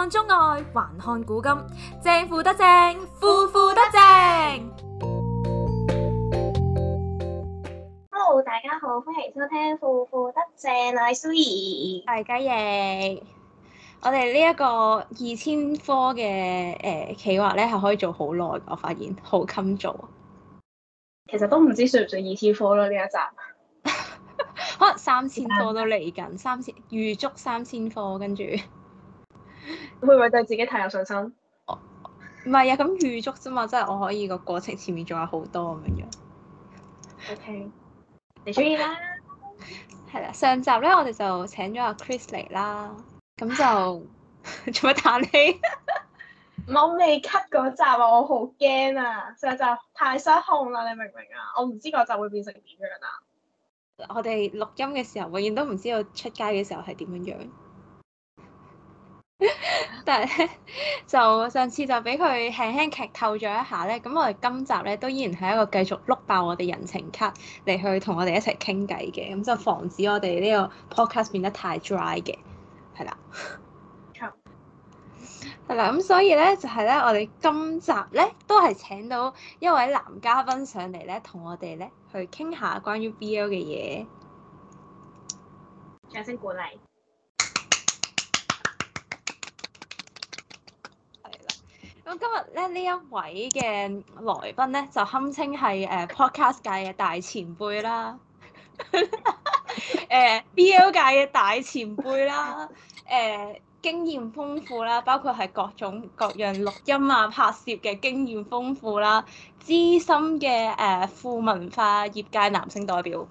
看中外，還看古今。正負得正，腐腐得正。Hello，大家好，歡迎收聽《腐腐得正》I i.，我係蘇怡，我係嘉穎。我哋呢一個二千科嘅誒企劃咧，係可以做好耐。我發現好襟做，其實都唔知算唔算二千科咯？呢一集可能 三千科都嚟緊，三千預足三千科，跟住。會唔會對自己太有信心？唔係、oh, 啊，咁預祝啫嘛，即係我真可以個過程前面仲有好多咁樣。O、okay. K，你中意啦。係啦， 上集咧我哋就請咗阿 Kris 嚟啦，咁就做乜 嘆氣？唔 我未 cut 嗰集啊，我好驚啊！上集太失控啦，你明唔明啊？我唔知嗰集會變成點樣啊！我哋錄音嘅時候，永遠都唔知道出街嘅時候係點樣樣。 但係就上次就俾佢輕輕劇透咗一下咧，咁我哋今集咧都依然係一個繼續碌爆我哋人情卡嚟去同我哋一齊傾偈嘅，咁就防止我哋呢個 podcast 變得太 dry 嘅，係啦，係啦、嗯，咁 所以咧就係咧，我哋今集咧都係請到一位男嘉賓上嚟咧，同我哋咧去傾下關於 BL 嘅嘢，掌聲鼓勵。咁今日咧呢一位嘅來賓咧，就堪稱係誒、uh, podcast 界嘅大前輩啦，誒、 uh, BL 界嘅大前輩啦，誒、uh, 經驗豐富啦，包括係各種各樣錄音啊、拍攝嘅經驗豐富啦，資深嘅誒腐文化業界男性代表，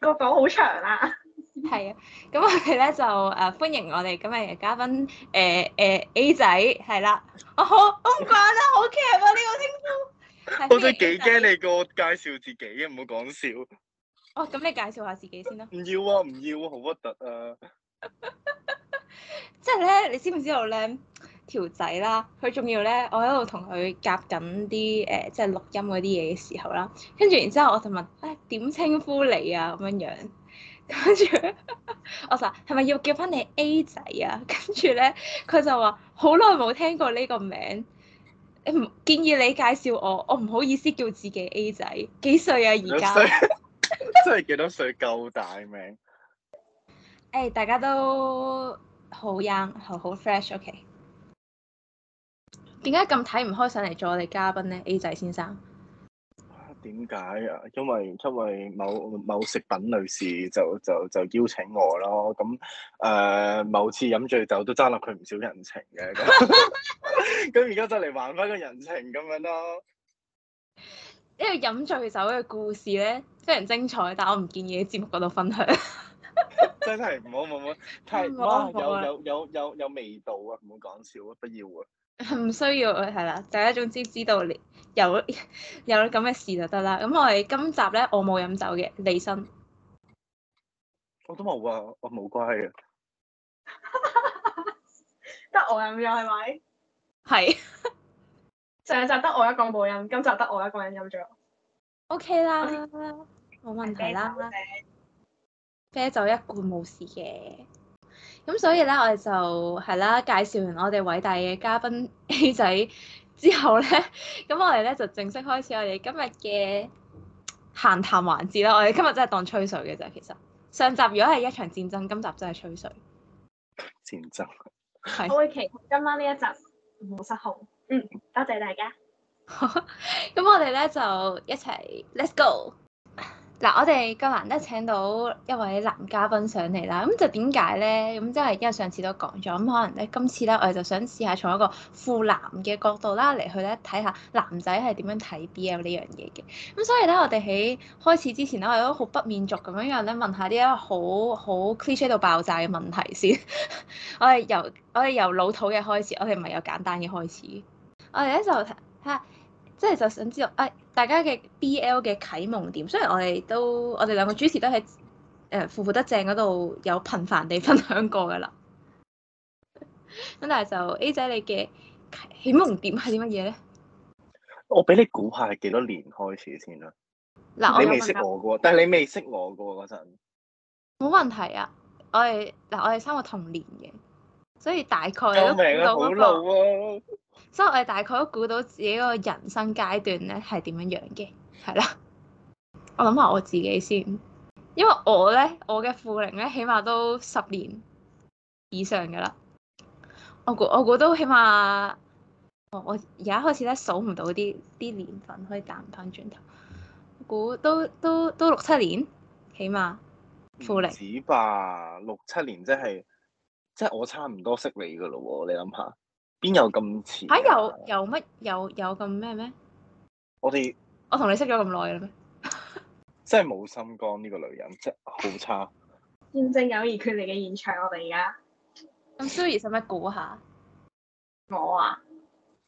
個稿 好長啊！係啊，咁我哋咧就誒、呃、歡迎我哋今日嘅嘉賓誒誒、欸欸、A 仔，係啦。我、哦、好，我唔慣 好啊，好 care 啊，呢個稱呼。 的我都幾驚你個介紹自己，唔好講笑。哦，咁你介紹下自己先啦。唔要啊，唔要啊，好核突啊！即係咧，你知唔知道咧條仔啦？佢仲要咧，我喺度同佢夾緊啲誒，即係錄音嗰啲嘢嘅時候啦。跟住然之後，我就問誒點、哎、稱呼你啊，咁樣樣。跟住，我話係咪要叫返你 A 仔啊？跟住咧，佢就話好耐冇聽過呢個名。唔建議你介紹我，我唔好意思叫自己 A 仔。幾歲啊？而家歲？ 真係幾多歲？夠大名。誒、哎，大家都好 young，好 fresh。OK，點解咁睇唔開上嚟做我哋嘉賓咧？A 仔先生。點解啊？因為因為某某食品女士就就就邀請我咯。咁誒，某次飲醉酒都爭落佢唔少人情嘅。咁而家就嚟還翻個人情咁樣咯。呢個飲醉酒嘅故事咧，非常精彩，但係我唔建議喺節目嗰度分享。真係唔好唔好太有有有有有味道啊！唔好講笑啊！不要啊！唔需要係啦。第一，總之知道你有有咁嘅事就得啦。咁我哋今集咧，我冇飲酒嘅，李生，我都冇啊，我冇關係啊，得 我飲咗係咪？係是 上集得我一個冇飲，今集得我一個人飲咗，OK 啦了，冇 Okay. 問題啦，啤酒，啤酒一罐冇事嘅。咁所以咧，我哋就係啦，介紹完我哋偉大嘅嘉賓 A 仔之後咧，咁我哋咧就正式開始我哋今日嘅閒談環節啦。我哋今日真係當吹水嘅啫，其實上集如果係一場戰爭，今集真係吹水。戰爭。係是。我會祈禱今晚呢一集唔好失控。嗯，多謝大家。咁 我哋咧就一齊，let's go！嗱，我哋咁難得請到一位男嘉賓上嚟啦，咁就點解咧？咁即係因為上次都講咗，咁可能咧今次咧，我哋就想試下從一個富男嘅角度啦，嚟去咧睇下男仔係點樣睇 BL 呢樣嘢嘅。咁所以咧，我哋喺開始之前咧，我哋都好不免俗咁樣樣咧問一下啲好好 cliche 到爆炸嘅問題先。 我哋由我哋由老土嘅開始，我哋唔係有簡單嘅開始。我哋咧就睇下。即係就想知道，哎，大家嘅 BL 嘅啟蒙點？雖然我哋都，我哋兩個主持都喺誒腐腐得正嗰度有頻繁地分享過嘅啦。咁 但係就 A 仔你嘅啟蒙點係啲乜嘢咧？我俾你估下係幾多年開始先啦。嗱，你未識我嘅但係你未識我嘅喎嗰陣。冇問題啊！我哋嗱我哋三個同年嘅，所以大概都估到好、救命啊、老啊！所以我哋大概都估到自己個人生階段咧，係點樣樣嘅，係啦。 我諗下我自己先，因為我咧我嘅腐齡咧起碼都十年以上噶啦。我估我估都起碼，我碼我而家開始咧數唔到啲啲年份可以彈翻轉頭。估都都都六七年起碼腐齡唔止吧，六七年即係即係我差唔多識你噶咯，你諗下。邊有咁似？嚇、啊！有有乜有有咁咩咩？我哋們我同你識咗咁耐啦咩？ 真係冇心肝呢個女人，真係好差。見證友誼決裂嘅現場，我哋而家咁，Suri 使唔使估下？我啊，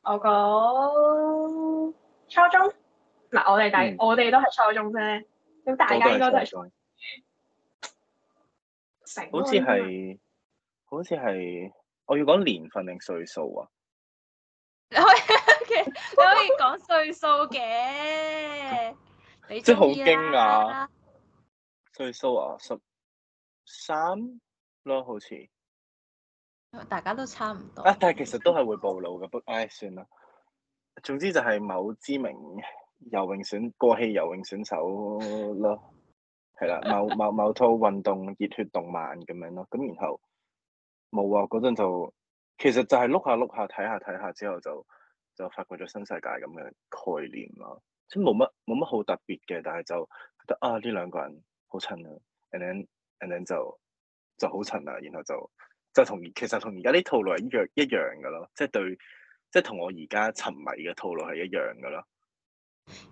我講初中。嗱、嗯， 我哋大我哋都係初中啫。咁大家應該都係初中。成好似係，好似係。我要講年份定歲數啊？你 可以歲數， 你可以講歲數嘅，你即係好驚訝。歲數啊，十三咯，13？好似大家都差唔多。啊，但係其實都係會暴露嘅，不，唉、哎，算啦。總之就係某知名游泳選過氣游泳選手咯，係啦， 某某某套運動熱血動漫咁樣咯，咁然後。冇啊！嗰陣就其實就係碌下碌下睇下睇下之後就就發掘咗新世界咁嘅概念咯，即係冇乜冇乜好特別嘅，但係就覺得啊呢兩個人好襯啊，and then and then 就就好襯啊，然後就就同其實同而家啲套路係一一樣噶咯，即係對即係同我而家沉迷嘅套路係一樣噶咯。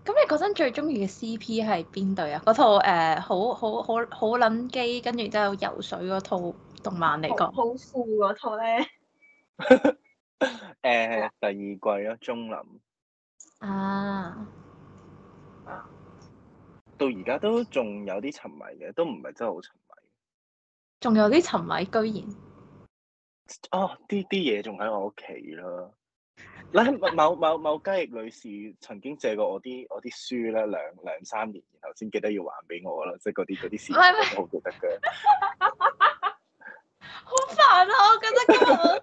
咁你嗰陣最中意嘅 CP 係邊對啊？嗰套誒、uh, 好好好好捻機，跟住之後有游水嗰套。動漫嚟講，好富嗰套咧。誒，第二季咯，中林。啊，啊！到而家都仲有啲沉迷嘅，都唔係真係好沉迷。仲有啲沉迷，居然。哦，啲啲嘢仲喺我屋企啦。咧， 某某某雞翼女士曾經借過我啲我啲書咧，兩兩三年然後先記得要還俾我咯，即係嗰啲嗰啲事，是我都好記得嘅。 好煩啊！我覺得今日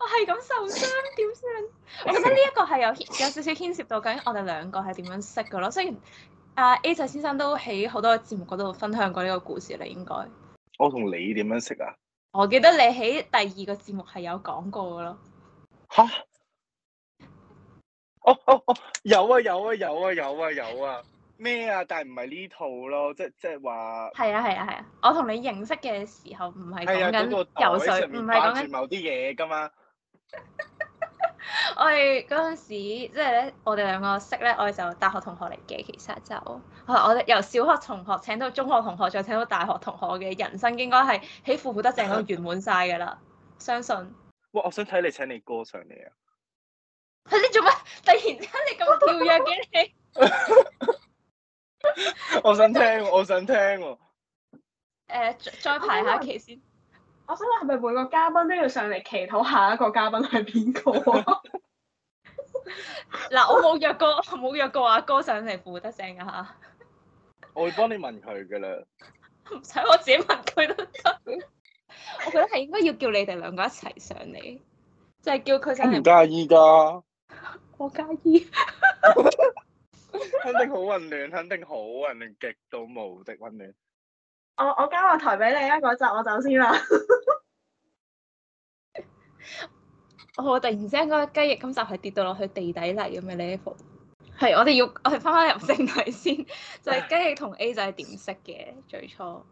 我係咁 受傷，點算？Okay. 我覺得呢一個係有牽有少少牽涉到究竟我哋兩個係點樣識噶咯？雖然阿、uh, A 仔先生都喺好多節目嗰度分享過呢個故事，應該你應該我同你點樣識啊？我記得你喺第二個節目係有講過噶咯。吓？哦哦哦！有啊有啊有啊有啊有啊！咩啊？但係唔係呢套咯，即係即係話。係啊係啊係啊！我同你認識嘅時候唔係講緊游水，唔係講緊某啲嘢噶嘛。我哋嗰陣時，即係咧，我哋兩個識咧，我哋就大學同學嚟嘅。其實就、啊、我哋由小學同學請到中學同學，再請到大學同學嘅人生，應該係起伏得正咁圓滿晒噶啦。 相信。哇！我想睇你請你歌上嚟啊！ 你做乜？突然之間你咁跳躍嘅你？ 我想聽，我想聽。誒、呃，再排下期先。啊、我想問，係咪每個嘉賓都要上嚟祈禱？下一個嘉賓係邊個？嗱， 我冇約過，冇 約過阿哥,哥上嚟腐得正噶吓。我會幫你問佢噶啦。唔使，我自己問佢都得。 我覺得係應該要叫你哋兩個一齊上嚟，即、就、係、是、叫佢。你唔介意噶？我介意。 肯定好混亂，肯定好混亂，極到無敵溫暖。我我交台、那個台俾你啊！嗰集我先走先啦。 我突然之間嗰個雞翼今集係跌到落去地底嚟咁嘅呢？level 係，我哋要我哋翻翻入正題先。就係、是、雞翼同 A 仔點識嘅最初？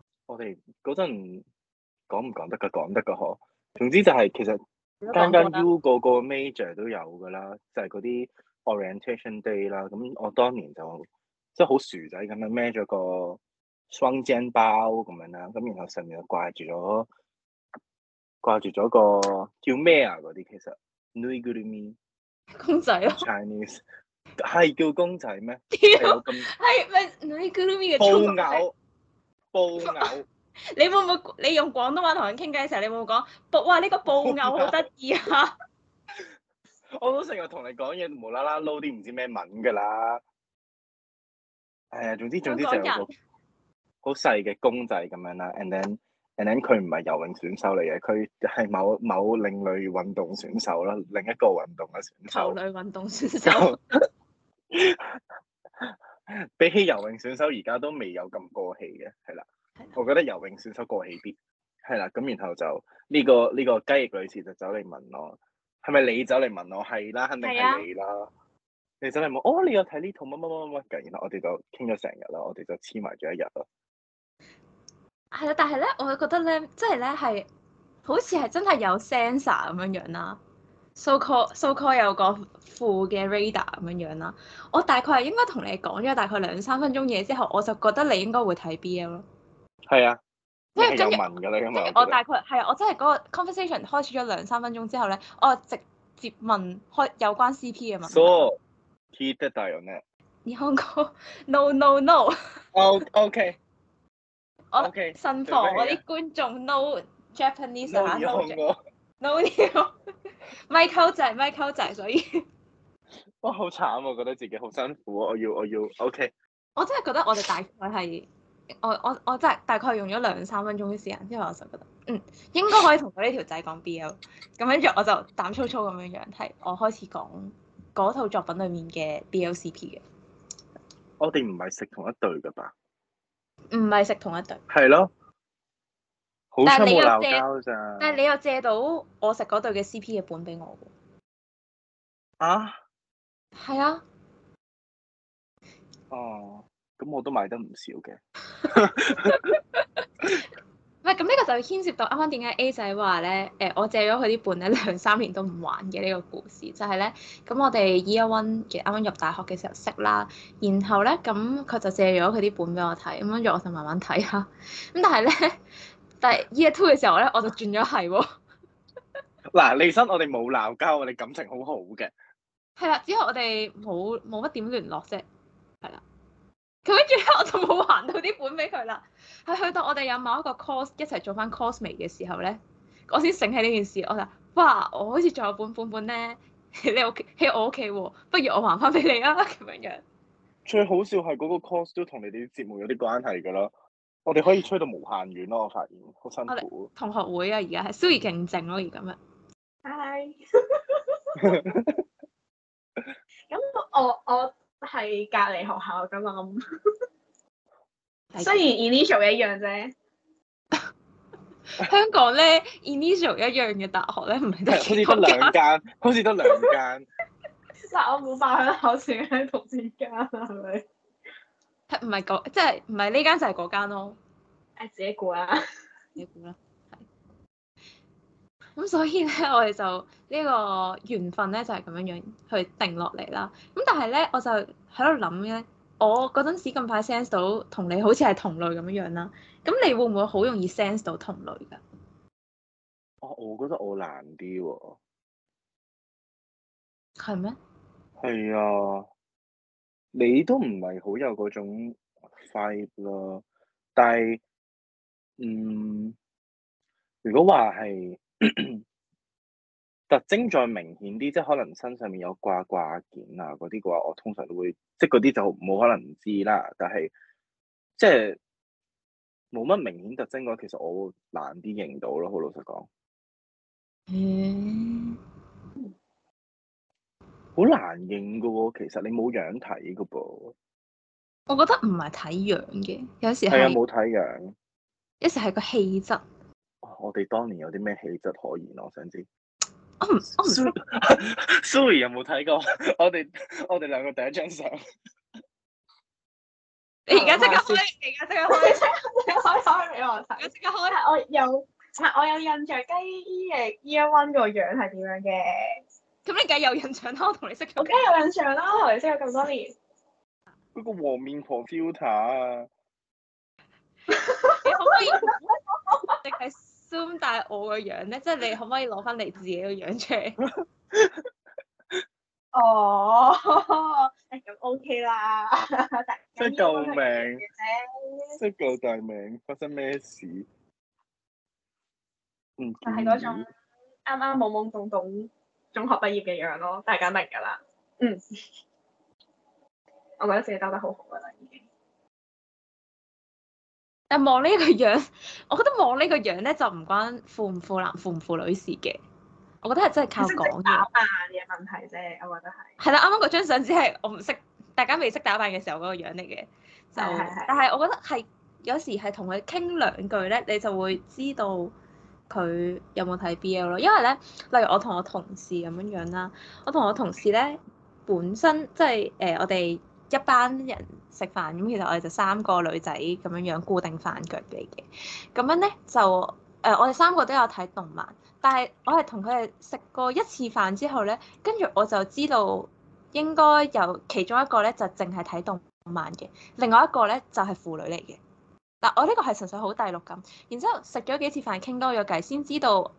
我哋嗰陣講唔講得噶？講得噶嗬。總之就係其實間間 U 個，個個 major 都有噶啦，就係嗰啲。Orientation day 啦，咁我當年就即係好薯仔咁樣孭咗個雙肩包咁樣啦，咁然後上面又掛住咗掛住咗個叫咩啊嗰啲其實，Nuigurumi 公仔咯、啊、，Chinese 係叫公仔咩？係咪 Nuigurumi 嘅布偶？布偶 ？你會唔會你用廣東話同人傾偈嘅時候，你會唔會講布？哇！呢、這個布偶好得意啊！ 我都成日同你講嘢，無啦啦撈啲唔知咩文噶啦。誒、哎，總之總之就有個好細嘅公仔咁樣啦。And then and then 佢唔係游泳選手嚟嘅，佢係某某另類運動選手咯，另一個運動嘅選手。球類運動選手 比起游泳選手，而家都未有咁過氣嘅係啦。我覺得游泳選手過氣啲係啦。咁然後就呢、這個呢、這個雞翼女士就走嚟問我。係咪你走嚟問我係啦？肯定係你啦。的你走嚟問哦，你又睇呢套乜乜乜乜乜。然後我哋就傾咗成日啦，我哋就黐埋咗一日咯。係啦，但係咧，我就覺得咧，即係咧，係好似係真係有 sensor 咁樣樣啦。so call so call 有個副嘅 radar 咁樣樣啦。我大概係應該同你講咗大概兩三分鐘嘢之後，我就覺得你應該會睇 BL 咯。係啊。即係即係問㗎咁啊，我大概係，我真係嗰個 conversation 開始咗兩三分鐘之後咧，我直接問開有關 CP 吖嘛 So keep the dialogue。然後 no no no。O okay。我慎防我啲觀眾 no Japanese no。no m c no，麥秋仔麥秋仔，所以。哇！好慘，我覺得自己好辛苦，我要我要 OK。我真係覺得我哋大概係。我我我真係大概用咗兩三分鐘嘅時間，因為我就覺得，嗯，應該可以同佢呢條仔講 BL，咁跟住我就膽粗粗咁樣樣，係我開始講嗰套作品裏面嘅 BLCP 嘅。我哋唔係食同一對噶吧？唔係食同一對。係咯，好粗冇鬧交咋？但係你又借到我食嗰對嘅 CP 嘅本俾我喎。啊？係啊的。哦。咁我都買得唔少嘅。喂，咁呢個就牽涉到啱啱點解 A 仔話咧？誒、呃，我借咗佢啲本咧兩三年都唔還嘅呢個故事，就係咧咁我哋 Year One 啱啱入大學嘅時候識啦，然後咧咁佢就借咗佢啲本俾我睇，咁跟住我就慢慢睇下。咁但係咧，但係 Year Two 嘅時候咧，我就轉咗係喎。嗱，離婚我哋冇鬧交，我哋感情好好嘅。係啦， 之後我哋冇冇乜點聯絡啫，係啦。咁跟住咧，我就冇還到啲本俾佢啦。係去到我哋有某一個 course，一齊做翻 cosplay 嘅時候咧，我先醒起呢件事。我就話：哇，我好似仲有本,本本本咧，你屋企，喺我屋企，不如我還翻俾你啊！咁樣樣最好笑係嗰個 course 都同你哋啲節目有啲關係噶咯。我哋可以吹到無限遠咯。我發現好辛苦。 同學會啊，而家係少而精咯，而今日。Hi 咁我我。我係隔籬學校咁、嗯，雖然 initial 一樣啫。 香港咧，initial 一樣嘅大學咧，唔係得好似得兩間，好似得兩間。 但我冇辦香港線喺同時間啊，係咪？唔係即係唔係呢間就係嗰間咯。唉， 自己估猜啦，自己估猜啦。自己猜 咁所以咧，我哋就呢個緣分咧，就係咁樣樣去定落嚟啦。咁但係咧，我就喺度諗咧，我嗰陣時咁快 sense 到同你好似係同類咁樣樣啦。咁你會唔會好容易 sense 到同類噶？哦，我覺得我難啲喎、啊。係咩？係啊。你都唔係好有嗰種 five、er，咯，但係，嗯，如果話係。.咳咳，特徵再明顯啲，即係可能身上面有掛掛件啊，嗰啲嘅話，我通常都會，即係嗰啲就冇可能唔知啦。但係即係冇乜明顯特徵嘅話，其實我難啲認到咯。好老實講，嗯，好難認噶噃，其實你冇樣睇噶噃。我覺得唔係睇樣嘅，有時係啊，冇睇樣，有時係個氣質。我哋當年有啲咩氣質可言，我想知。Oh, sorry. sorry 有冇睇過 我哋我哋兩個第一張相？你而家即刻開！而家即刻開！即刻開開俾我睇。而家即刻開！開開開開我有，唔係我有印象，雞依嘢，依一彎個樣係點樣嘅？咁你梗係有印象啦，我同你識。我梗係有印象啦，我同你識咗咁多年。嗰個黃面婆 filter，、啊、 你可唔可以？你係？Zoom，但係我個樣咧，即係你可唔可以攞返你自己個樣出嚟？ 哦，咁、哎、OK 啦，即係救命，即係救大命，發生咩事？嗯，就係嗰種啱啱懵懵懂懂中學畢業嘅樣咯，大家明噶啦。嗯， 我覺得自己兜得好好嘅。但望呢個樣，我覺得望呢個樣咧就唔關腐唔腐男腐唔腐女事嘅，我覺得係真係靠講嘅。打扮嘅問題啫，我覺得係。係啦，啱啱嗰張相只係我唔識，大家未識打扮嘅時候嗰個樣嚟嘅，就。係係。但係我覺得係有時係同佢傾兩句咧，你就會知道佢有冇睇 BL 咯。因為咧，例如我同我同事咁樣樣啦，我同我同事咧本身即係誒，我哋一班人。食飯咁，其實我哋就三個女仔咁樣樣固定飯腳嚟嘅，咁樣咧就誒、呃，我哋三個都有睇動漫，但係我係同佢哋食過一次飯之後咧，跟住我就知道應該有其中一個咧就淨係睇動漫嘅，另外一個咧就係、是、腐女嚟嘅。嗱、呃，我呢個係純粹好大陸咁，然之後食咗幾次飯傾多咗偈先知道，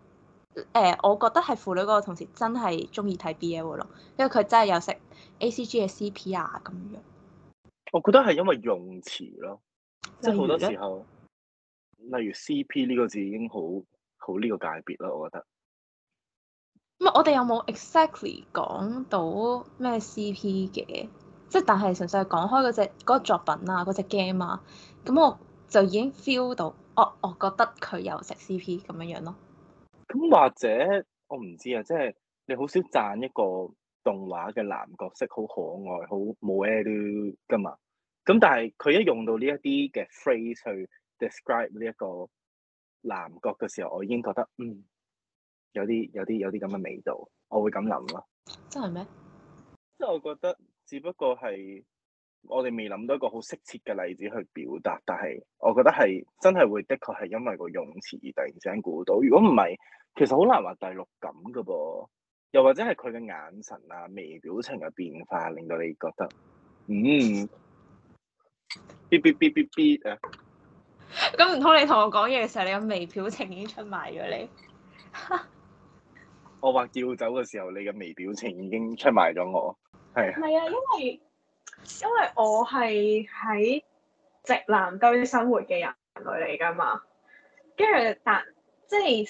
誒、呃，我覺得係腐女嗰個同事真係鍾意睇 BL 咯，因為佢真係有食 ACG 嘅 CP 啊咁樣。我覺得係因為用詞咯，即係好多時候，例如，例如 CP 呢個字已經好好呢個界別咯，我覺得。唔係，我哋有冇 exactly 講到咩 CP 嘅？即係但係純粹係講開嗰隻嗰個作品啊，嗰隻 game 啊，咁我就已經 feel 到，我、哦、我覺得佢有食 CP 咁樣樣咯。咁或者我唔知啊，即係你好少讚一個。動畫嘅男角色好可愛，好冇 a 嗲都噶嘛。咁但係佢一用到呢一啲嘅 phrase 去 describe 呢一個男角嘅時候，我已經覺得嗯，有啲有啲有啲咁嘅味道，我會咁諗咯。真係咩？即係我覺得只不過係我哋未諗到一個好適切嘅例子去表達，但係我覺得係真係會的確係因為個用詞而突然之間估到。如果唔係，其實好難話第六感噶噃。又或者係佢嘅眼神啊、微表情嘅變化，令到你覺得，嗯，嗶嗶嗶嗶嗶啊！咁唔通你同我講嘢嘅時候，你嘅微表情已經出賣咗你？ 我話要走嘅時候，你嘅微表情已經出賣咗我。係。唔係啊，因為因為我係喺直男堆生活嘅人類嚟噶嘛，跟住但。即係，即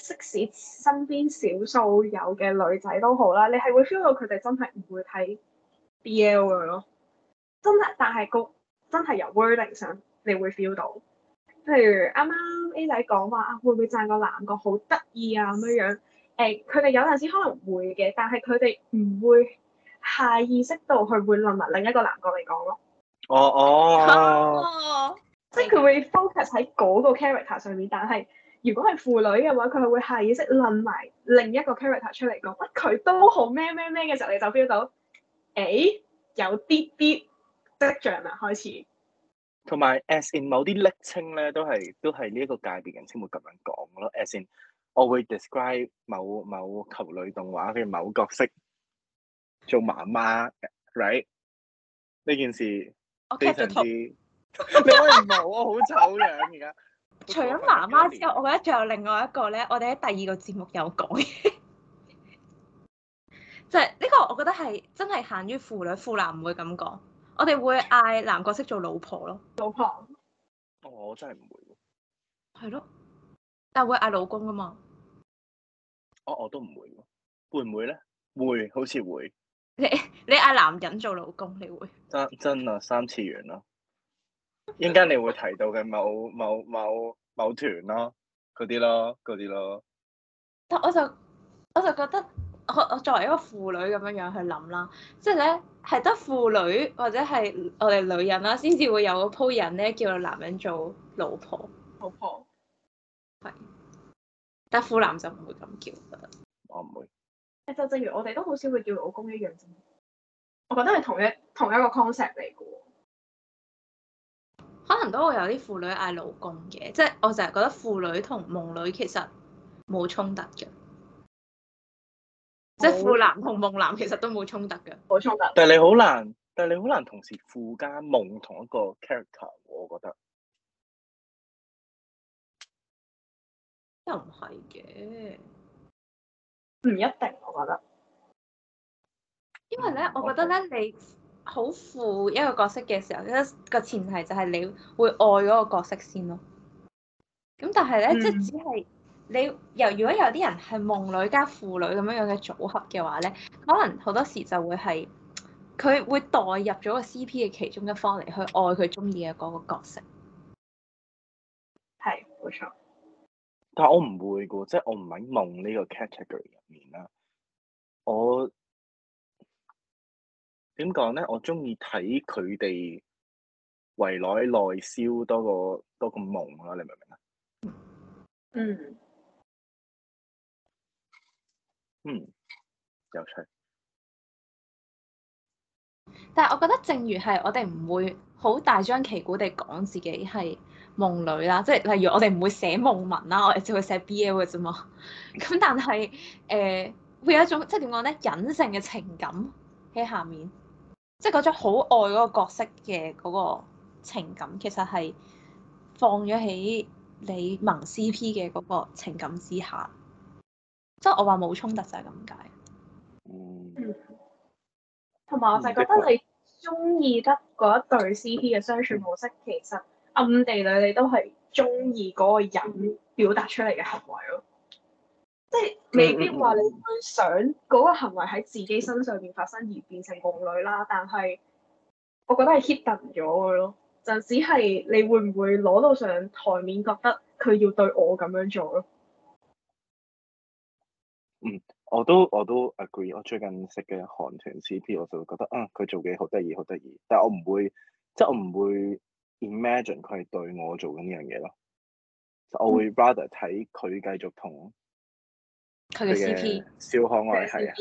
使身邊少數有嘅女仔都好啦，你係會 feel 到佢哋真係唔會睇 BL 嘅咯。真係，但係、個真係由 wording 上，你會 feel 到。譬如啱啱 A 仔講話，會唔會讚個男角好得意啊咁樣？誒、欸，佢哋有陣時可能會嘅，但係佢哋唔會下意識到去會論埋另一個男角嚟講咯。哦哦，即係佢會 focus 喺嗰個 character 上面，但係。如果係腐女嘅話，佢係會下意識諗埋另一個 character 出嚟講，佢都好咩咩咩嘅時候，你就 feel 到，誒、有啲啲跡象啦開始。同埋，as in 某啲暱稱咧，都係都係呢一個界別人先會咁樣講咯。as in 我會 describe 某某球類動畫嘅某角色做媽媽，right 呢件事，你真係你可以唔好啊，好醜樣而家。除咗媽媽之後，我覺得仲有另外一個咧，我哋喺第二個節目有講嘅， 就係呢個我覺得係真係限於腐女腐男唔會咁講，我哋會嗌男角色做老婆咯，老婆、哦。我真係唔會喎。係咯，但會嗌老公噶嘛？我、哦、我都唔會喎，會唔會咧？會，好似會。你你嗌男人做老公，你會？真真啊，三次元咯。應該你會提到嘅某某某某團咯，嗰啲咯，嗰啲咯。啊、但我就我就覺得，我我作為一個婦女咁樣樣去諗啦，即係咧係得婦女或者係我哋女人啦、啊，先至會有鋪人咧叫男人做老婆。老婆係，但係腐男就唔會咁叫，我覺得。我唔會。就正如我哋都好少會叫老公一樣，我覺得係同一同一個 concept 嚟嘅。可能都會有啲腐女嗌老公嘅，即係我成日覺得腐女同夢女其實冇衝突嘅，沒即係腐男同夢男其實都冇衝突嘅，冇衝突。但係你好難，但係你好難同時腐加夢同一個 character，我覺得。又唔係嘅，唔一定，我覺得，因為咧，我覺得咧，你。Okay. 好腐一個角色嘅時候，一個前提就係你會愛嗰個角色先咯。咁但係咧，嗯、即係只係你由如果有啲人係夢女加腐女咁樣樣嘅組合嘅話咧，可能好多時就會係佢會代入咗個 CP 嘅其中一方嚟去愛佢中意嘅嗰個角色。係冇錯。係但係我唔會噶，即係我唔喺夢呢個 category 入面啦。我。點講咧？我中意睇佢哋圍內內銷多個多個夢啦、啊！你明唔明啊？嗯嗯，有趣。但係我覺得，正如係我哋唔會好大張旗鼓地講自己係夢女啦，即、就、係、是、例如我哋唔會寫夢文啦，我哋只會寫 BL 嘅啫嘛。咁 但係誒、呃，會有一種即係點講咧隱性嘅情感喺下面。即係嗰種好愛嗰個角色嘅嗰個情感，其實係放咗喺你萌 CP 嘅嗰個情感之下，即係我話冇衝突就係咁解。嗯，同埋我就覺得你中意得嗰一對 CP 嘅相處模式，其實暗地裏你都係中意嗰個人表達出嚟嘅行為咯。即係未必話你會想嗰個行為喺自己身上邊發生而變成共女啦，但係我覺得係 h i t down 咗咯。就只係你會唔會攞到上台面，覺得佢要對我咁樣做咯？嗯，我都我都 agree。我最近食嘅韓團 CP，我就會覺得啊，佢、嗯、做嘅好得意，好得意。但係我唔會，即係我唔會 imagine 佢係對我做緊呢樣嘢咯。我會 rather 睇佢繼續同、嗯。佢嘅 CP 小可愛係啊，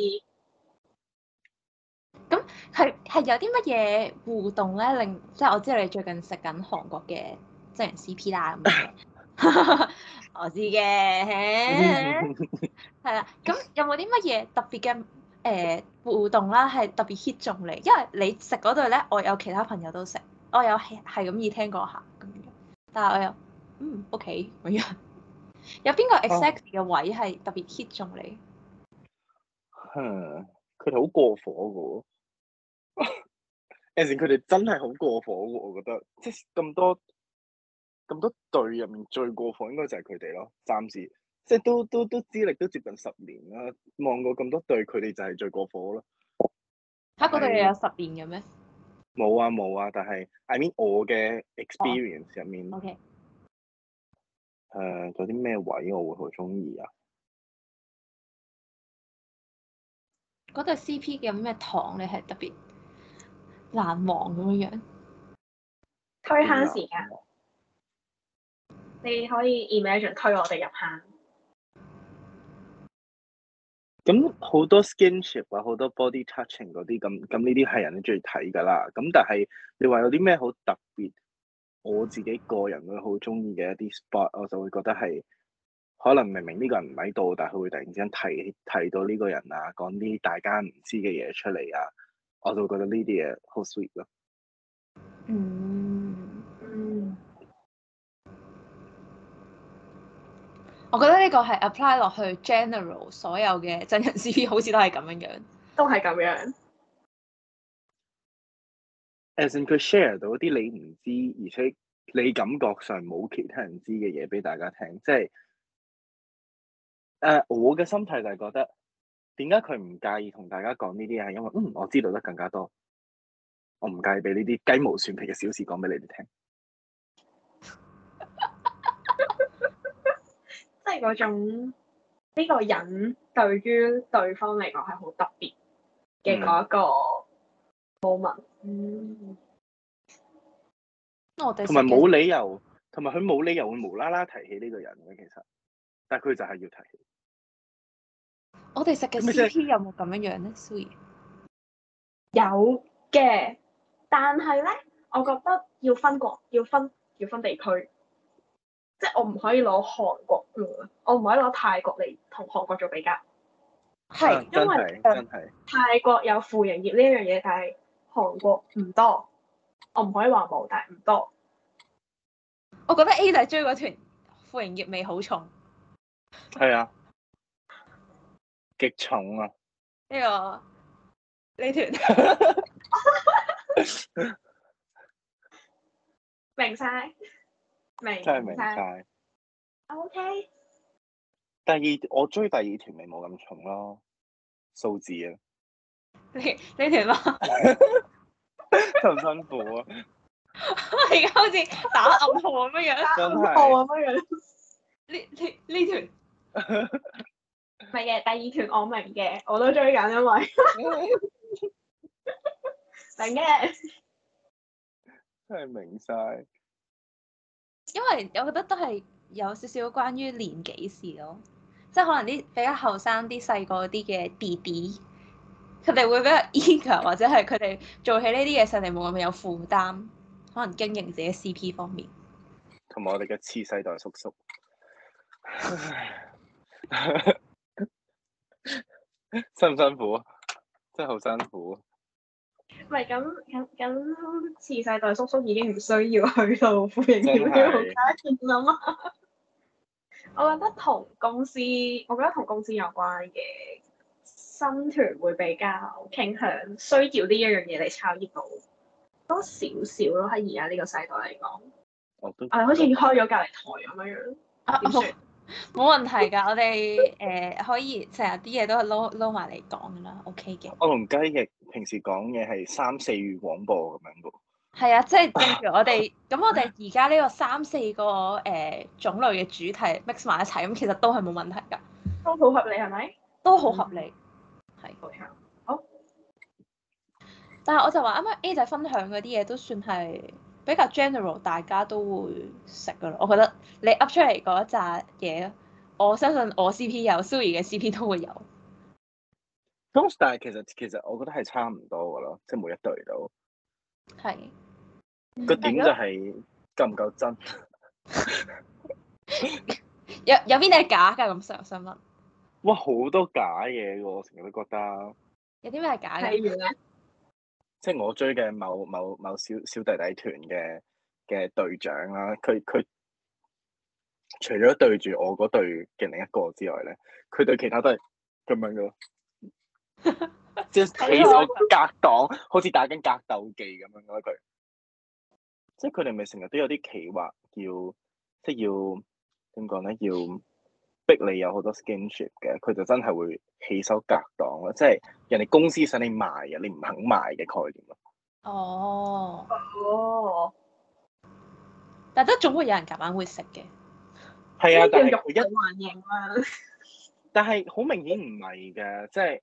咁佢係有啲乜嘢互動咧？令即係我知道你最近食緊韓國嘅真人 CP 啦咁。 我知嘅，係啦。 咁有冇啲乜嘢特別嘅誒、呃、互動啦？係特別 hit 中你，因為你食嗰對咧，我有其他朋友都食，我有係咁意聽過下，但係我又嗯 OK，唔一樣。有邊個 exactly 嘅位係特別 hit 中你？佢哋好過火嘅喎 as 佢哋真係好過火嘅，我覺得即係咁多咁多隊入面最過火應該就係佢哋咯。暫時即係都都都資歷都接近十年啦，望過咁多隊，佢哋就係最過火咯。嚇！嗰隊又有十年嘅咩？冇啊，冇啊，但係 I mean 我嘅 experience 入面。Oh, okay. 誒，啲咩、呃、位我會好中意啊？嗰對 C P 叫咩糖咧，係特別難忘咁樣樣。推慳時間，嗯、你可以 imagine 推我哋入去。咁好多 skinship 啊，好多 body touching 嗰啲，咁咁呢啲係人都中意睇噶啦。咁但係你話有啲咩好特別？我自己個人會好中意嘅一啲 spot，我就會覺得係可能明明呢個人唔喺度，但係佢會突然之間提提到呢個人啊，講啲大家唔知嘅嘢出嚟啊，我就會覺得呢啲嘢好 sweet 咯。嗯嗯，我覺得呢個係 apply 落去 general 所有嘅真人 C P，好似都係咁樣樣，都係咁樣。As in, 誒，佢 share 到啲你唔知，而且你感覺上冇其他人知嘅嘢俾大家聽，即係誒，uh, 我嘅心態就係覺得，點解佢唔介意同大家講呢啲嘢？因為嗯，我知道得更加多，我唔介意俾呢啲雞毛蒜皮嘅小事講俾你哋聽， 即係嗰種呢、呢個人對於對方嚟講係好特別嘅嗰一個 moment。Mm. 嗯，我哋同埋冇理由，同埋佢冇理由會無啦啦提起呢個人嘅其實，但係佢就係要提起。我哋食嘅 CP 有冇咁樣樣咧？蘇怡有嘅，但係咧，我覺得要分國，要分要分地區，即係我唔可以攞韓國，我唔可以攞泰國嚟同韓國做比較。係，啊，因為係，泰國有副營業呢樣嘢，但係。韓國唔多，我唔可以話冇，但係唔多。我覺得 A 仔追嗰團副營業味好重，係 啊，極重啊！呢、呢個呢團明晒，明真係明晒。OK，第二我追第二團咪冇咁重咯，數字啊！呢呢條碼咁辛苦啊！而家 好似打暗號咁樣樣， 是打暗號咁樣。呢呢呢條唔係嘅，第二條我明嘅，我都追緊，因為 明嘅，真係明晒。因為我覺得都係有少少關於年紀事咯，即係可能啲比較後生啲、細個啲嘅弟弟。佢哋會比較 eager 或者係佢哋做起呢啲嘢上嚟冇咁有負擔，可能經營自己 CP 方面。同埋我哋嘅次世代叔叔，唉 辛唔辛苦？真係好辛苦。唔係咁咁咁，次世代叔叔已經唔需要去到負擔咁樣，夠得啦。我覺得同公司，我覺得同公司有關嘅。新團會比較傾向需要呢一樣嘢嚟抄熱度，多少少咯。喺而家呢個世代嚟講，我都啊，好似開咗隔離台咁樣樣，冇冇問題㗎。 我哋誒、呃、可以成日啲嘢都係撈撈埋嚟講㗎啦，OK 嘅。我同雞翼平時講嘢係三四語廣播咁樣噶，係 啊，即係正如我哋咁，啊、我哋而家呢個三四個誒、呃、種類嘅主題 mix 埋一齊咁，其實都係冇問題㗎，都好合理係咪？都好合理。係好，但係我就話啱啱 A 仔分享嗰啲嘢都算係比較 general，大家都會食噶咯。我覺得你 up 出嚟嗰一紮嘢，我相信我 CP 有 Siri 嘅 CP 都會有。咁但係其實其實我覺得係差唔多噶咯，即係每一對都係個是點就係夠唔夠真？ 有有邊啲係假噶？咁想想問。哇！好多假嘢噶，我成日都覺得。有啲咩係假嘢呢？即係我追嘅某某某小小弟弟團嘅嘅隊長啦，啊，佢佢除咗對住我嗰隊嘅另一個之外咧，佢對其他都係咁樣噶咯。即係企左格檔，好似打緊格鬥技咁樣咯，一句，即係佢哋咪成日都有啲企劃，要即係要點講咧？要。逼你有好多 skinship 嘅，佢就真係會起手格擋咯，即係人哋公司想你賣嘅，你唔肯賣嘅概念咯。哦哦，但都總會有人夾硬會食嘅。係啊， 但係。但係好明顯唔係嘅，即係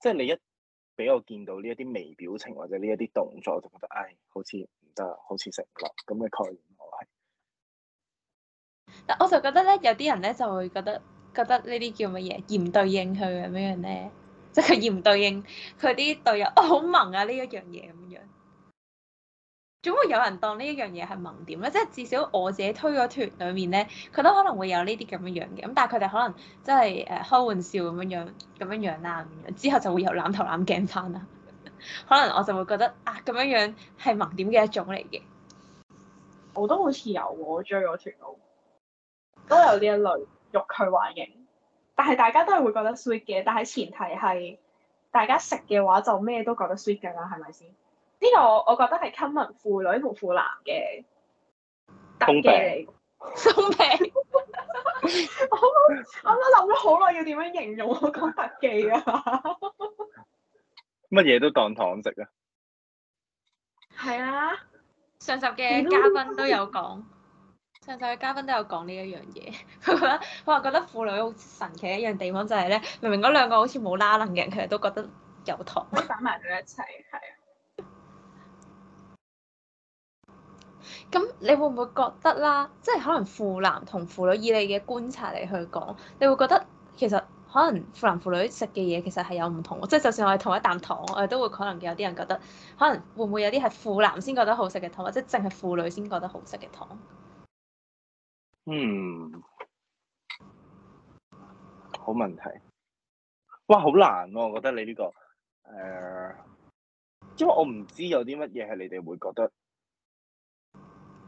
即係你一俾我見到呢一啲微表情或者呢一啲動作，我就覺得唉、哎，好似唔得，好似食唔落咁嘅概念。我就覺得咧，有啲人咧就會覺得覺得呢啲叫乜嘢？鹽對應佢咁樣樣咧，即係鹽對應佢啲隊友好萌、哦、啊！呢一樣嘢咁樣，總會有人當呢一樣嘢係萌點咧。即係至少我自己推嗰團裡面咧，佢都可能會有呢啲咁樣樣嘅。咁但係佢哋可能真係誒開玩笑咁樣樣咁樣樣啦，之後就會有攬頭攬頸翻啦。可能我就會覺得啊，咁樣樣係萌點嘅一種嚟嘅。我都好似有，我追嗰團都有呢一類欲拒還迎，但係大家都係會覺得 sweet 嘅。但係前提係大家食嘅話就咩都覺得 sweet 噶啦，係咪先？呢、呢個我覺得係親民腐女同腐男嘅特技嚟。送餅病。 我我諗咗好耐要點樣形容我講特技啊？乜 嘢都當糖食啊！係 啊，上集嘅嘉賓都有講。 上集嘅嘉賓都有講呢一樣嘢，我覺得我話覺得腐女好神奇一樣地方就係咧，明明嗰兩個好似冇拉能嘅人，其實都覺得有糖可以擺埋佢一齊，係。咁你會唔會覺得啦？即係可能腐男同腐女，以你嘅觀察嚟去講，你會覺得其實可能腐男腐女食嘅嘢其實係有唔同。即係就算我哋同一啖糖，我哋都會可能有啲人覺得，可能會唔會有啲係腐男先覺得好食嘅糖，或者淨係腐女先覺得好食嘅糖？嗯，好問題。哇，好難喎、啊！我覺得你呢、這個誒、呃，因為我唔知有啲乜嘢係你哋會覺得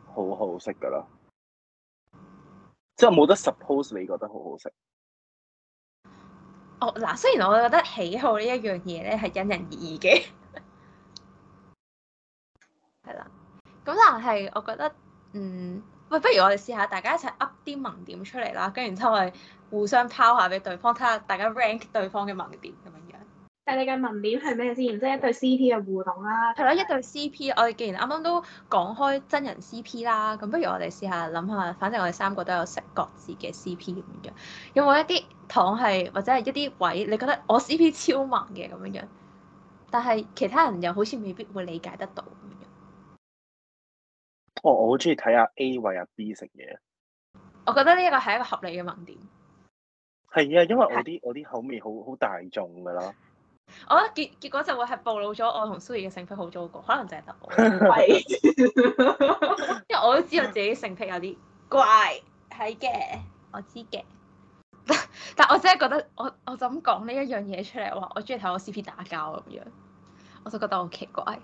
好好食噶啦，即係冇得 suppose 你覺得好好食。哦，嗱，雖然我覺得喜好呢一樣嘢咧係因人而異嘅， 係啦。咁但係，我覺得嗯。喂，不如我哋試下，大家一齊噏啲萌點出嚟啦，跟然之後我哋互相拋下俾對方睇下，看看大家 rank 對方嘅萌點咁樣樣。但你嘅萌點係咩先？即、就、係、是、一對 CP 嘅互動啦、啊。係咯，一對 CP，我哋既然啱啱都講開真人 CP 啦，咁不如我哋試下諗下，反正我哋三個都有食各自嘅 CP 咁樣，有冇一啲糖係或者係一啲位，你覺得我 CP 超萌嘅咁樣樣，但係其他人又好似未必會理解得到咁樣。哦，我好中意睇阿 A 餵阿 B 食嘢，啊，我覺得呢一個係一個合理嘅盲點。係啊，因為我啲我啲口味好好大眾噶啦。我覺得結結果就會係暴露咗我同 Suri 嘅性癖好糟糕，可能就係得我， 因為我都知道自己性癖有啲怪，係嘅，我知嘅。但 但我真係覺得我我就咁講呢一樣嘢出嚟，話我中意睇我 CP 打交咁樣，我就覺得好奇怪。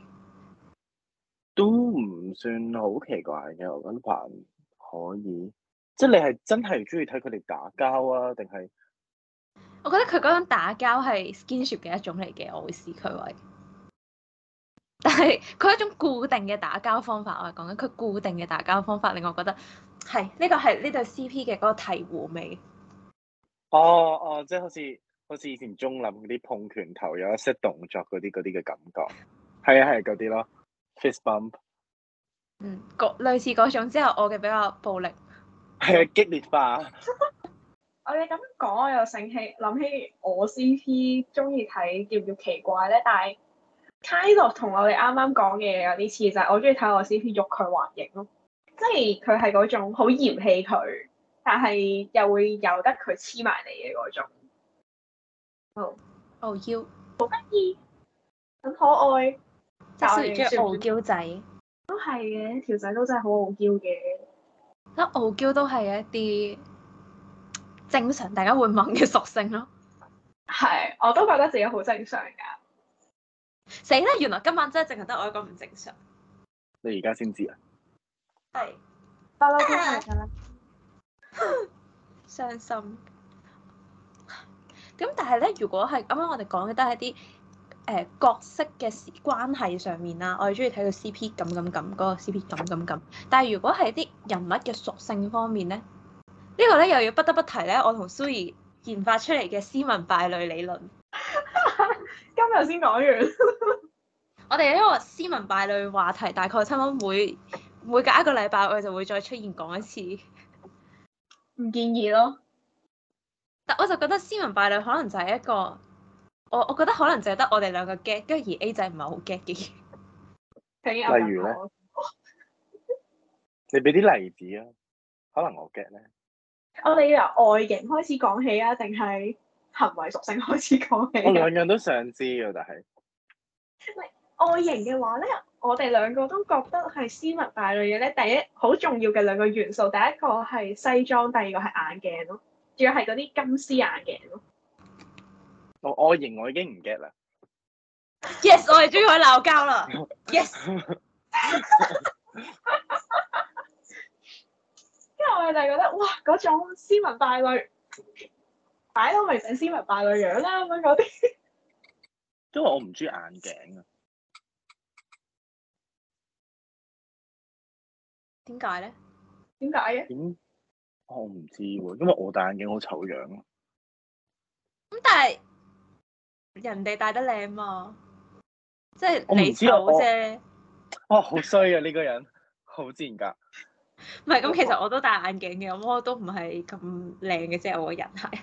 都唔算好奇怪嘅，我覺得還可以。即係你係真係中意睇佢哋打交啊？定係？我覺得佢嗰種打交係 skinship 嘅一種嚟嘅，我會視佢為。但係佢一種固定嘅打交方法，我係講緊，佢固定嘅打交方法令我覺得係呢、這個係呢對 CP 嘅嗰個醍醐味。哦哦，即、哦、係、就是、好似好似以前中林嗰啲碰拳頭，有一些動作嗰啲嗰啲嘅感覺。係啊係，嗰啲、啊、咯。face bump 嗯，類似嗰種之後，我嘅比較暴力，係啊激烈化。我你咁講，我又醒起諗起我 C P 中意睇叫唔叫奇怪咧？但係凱樂同我哋啱啱講嘅嘢有啲似，就係我中意睇我 C P 欲拒還迎咯，即係佢係嗰種好嫌棄佢，但係又會由得佢黐埋你嘅嗰種。哦、oh, you.，要、嗯，好得意、咁可愛。傲嬌仔，都係嘅條仔都真係好傲嬌嘅，得傲嬌都係一啲正常，大家會萌嘅屬性咯。係，我都覺得自己好正常㗎。死啦！原來今晚真係淨係得我一個唔正常。你而家先知啊？係不嬲都係㗎啦， 傷心。咁 但係咧，如果係啱啱我哋講嘅都係啲。誒、呃、角色嘅關係上面啦，我哋中意睇佢 C P 咁咁咁嗰個 C P 咁咁咁。但係如果係啲人物嘅屬性方面咧，這個、呢個咧又要不得不提咧，我同 Sue 研發出嚟嘅斯文敗類理論。 今日先講完。 我哋呢個斯文敗類話題大概差唔多每每隔一個禮拜，我哋就會再出現講一次。唔建議咯。但我就覺得斯文敗類可能就係一個。我我覺得可能就係得我哋兩個 get，跟住而 A 仔唔係好 get 嘅。 例如咧， 你俾啲例子啊？可能我 get 咧。我哋由外形開始講起啊，定係行為屬性開始講起？我兩樣都想知啊！但係外形嘅話咧，我哋兩個都覺得係斯文敗類嘅咧。第一好重要嘅兩個元素，第一個係西裝，第二個係眼鏡咯，仲有係嗰啲金絲眼鏡咯。哦、我認我已經唔 get 啦。Yes,Yes，我係中意佢鬧交啦。Yes，因為我哋就覺得哇，嗰種斯文敗類，擺到明成斯文敗類樣啦咁樣嗰啲。因為我唔中意眼鏡啊。點解咧？點解嘅？點？我唔知喎，因為我戴眼鏡好醜樣啊。咁但係。人哋戴得靚嘛、啊，即係你知道啫、啊。哦，好衰啊！呢、這個人好賤噶。唔係， 咁其實我都戴眼鏡嘅，咁我都唔係咁靚嘅啫。我個人係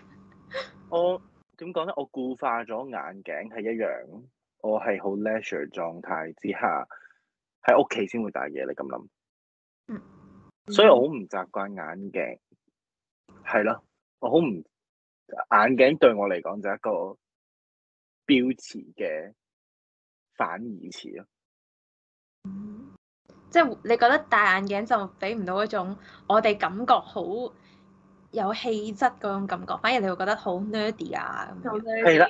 我點講咧？我固化咗眼鏡係一樣，我係好 leisure 狀態之下喺屋企先會戴嘢。你咁諗，所以我好唔習慣眼鏡，係咯，我好唔眼鏡對我嚟講就一個。標詞嘅反義詞咯、嗯，即係你覺得戴眼鏡就俾唔到一種我哋感覺好有氣質嗰種感覺，反而你會覺得好 nerdy 啊咁 nerdy 樣。係啦，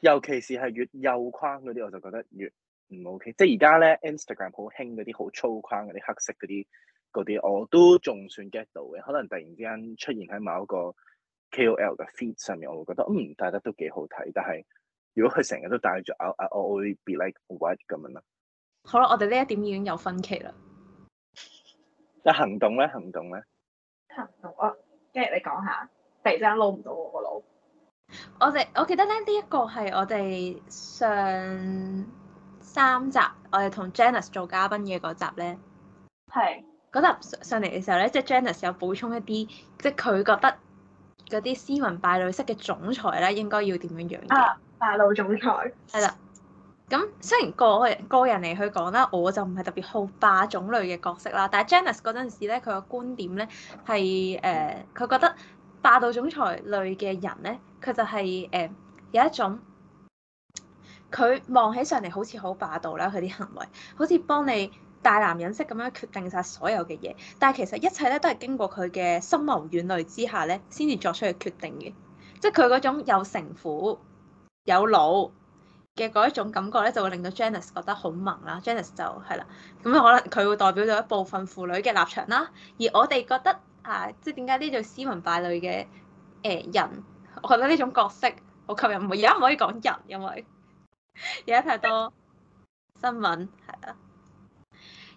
尤其是係越幼框嗰啲，我就覺得越唔 OK。即係而家咧，Instagram 好興嗰啲好粗框嗰啲黑色嗰啲嗰啲，我都仲算 get 到嘅。可能突然之間出現喺某一個 KOL 嘅 feed 上面，我會覺得嗯，戴得都幾好睇，但係。如果佢成日都帶住 I I I will be like what 咁樣咯。好啦，我哋呢一點已經有分歧啦。那行動咧，行動咧，行動啊！今日你講下，突然之間撈唔到我個腦。我哋我記得咧，呢一個係我哋上三集，我哋同 Janice 做嘉賓嘅嗰集咧，係嗰是集上嚟嘅時候咧，即係 Janice 有補充一啲，即係佢覺得嗰啲斯文敗類式嘅總裁咧，應該要點樣樣嘅。啊霸道總裁係啦，咁雖然個人個人嚟去講啦，我就唔係特別好霸種類嘅角色啦。但係 Janice 嗰陣時咧，佢個觀點咧係誒，佢、呃、覺得霸道總裁類嘅人咧，佢就係、是、誒、呃、有一種佢望起上嚟好似好霸道啦，佢啲行為好似幫你大男人式咁樣決定晒所有嘅嘢，但係其實一切咧都係經過佢嘅深謀遠慮之下咧，先至作出嘅決定嘅，即係佢嗰種有城府。有腦嘅嗰一種感覺咧，就會令到 Janice 覺得好萌啦。Janice 就係啦，咁可能佢會代表咗一部分婦女嘅立場啦。而我哋覺得啊，即係點解呢種斯文敗類嘅誒人，我覺得呢種角色好吸引。而家唔可以講人，因為而家太多新聞，係啦。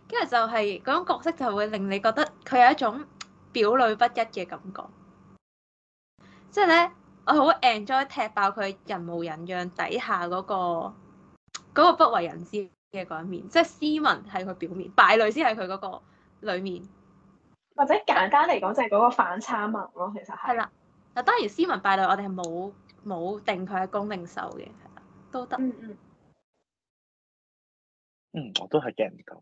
跟住就係、是、嗰種角色，就會令你覺得佢有一種表裏不一嘅感覺，即係咧。我好 enjoy 踢爆佢人模人樣底下嗰個，嗰個不為人知嘅嗰一面，即係斯文喺佢表面，敗類先喺佢嗰個裏面。或者簡單嚟講，就係嗰個反差萌咯，其實係。係啦，嗱，當然斯文敗類，我哋係冇冇定佢係攻定受嘅，都得。嗯嗯。嗯，我都係驚唔到，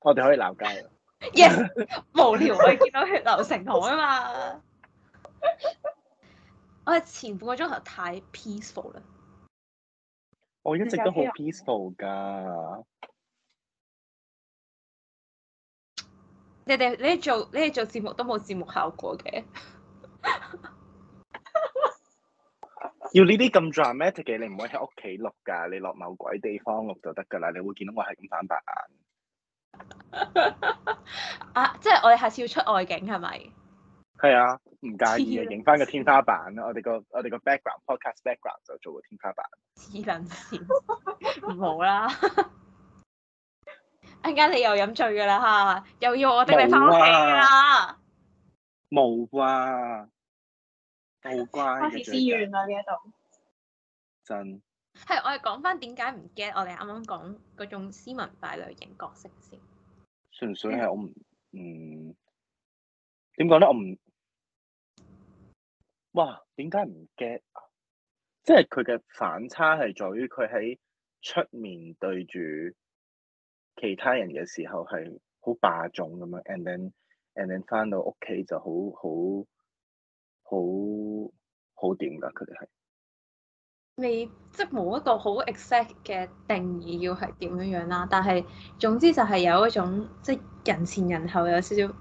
我哋可以鬧街啊 ！Yes，無聊 我可以見到血流成河啊嘛～ 我係前半個鐘頭太 peaceful 啦，我一直都好 peaceful 㗎。你哋你做你哋做節目都冇節目效果嘅。 要呢啲咁 dramatic 嘅，你唔可以喺屋企錄㗎，你落某鬼地方錄就得㗎啦。你會見到我係咁反白眼。 啊！即係我哋下次要出外景係咪？是係啊，唔介意啊，影翻個天花板，我哋個我哋個 background podcast background 就做個天花板。黐撚線，唔好啦。一陣間你又飲醉噶啦吓，又要我拎你翻屋企啦。冇啩、啊，好、啊、乖 真。我試完啦，呢度真係我哋講翻點解唔 get 我哋啱啱講嗰種斯文派類型角色先。純粹係我唔唔點講咧，我唔。哇！點解唔驚啊？即係佢嘅反差係在於佢喺出面對住其他人嘅時候係好霸總咁樣，and then and then 翻到屋企就好好好好點噶。佢哋係未即冇一個好 exact 嘅定義，要係點樣樣啦。但係總之就係有一種即人前人後有少少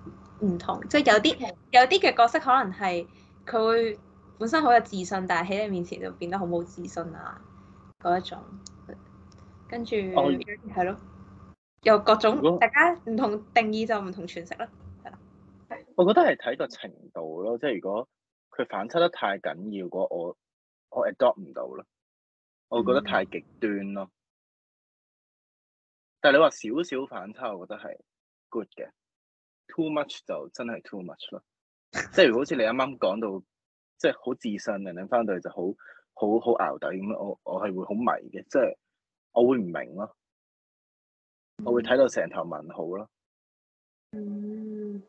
唔同，即有啲有啲嘅角色可能係。佢會本身好有自信，但係喺你面前就變得好冇自信啊嗰一種，跟住係咯，有各種如果大家唔同定義就唔同詮釋咯。係啦，我覺得係睇個程度咯，即係如果佢反差得太緊要嗰我我 adopt 唔到咯，我覺得太極端咯。嗯、但係你話少少反差，我覺得係 good 嘅。Too much 就真係 too much 咯。即係如果好似你啱啱講到，即係好自信，人哋翻到就好好好淆底咁樣，我我係會好迷嘅，即係我會唔明咯，我會睇到成頭問號咯。嗯，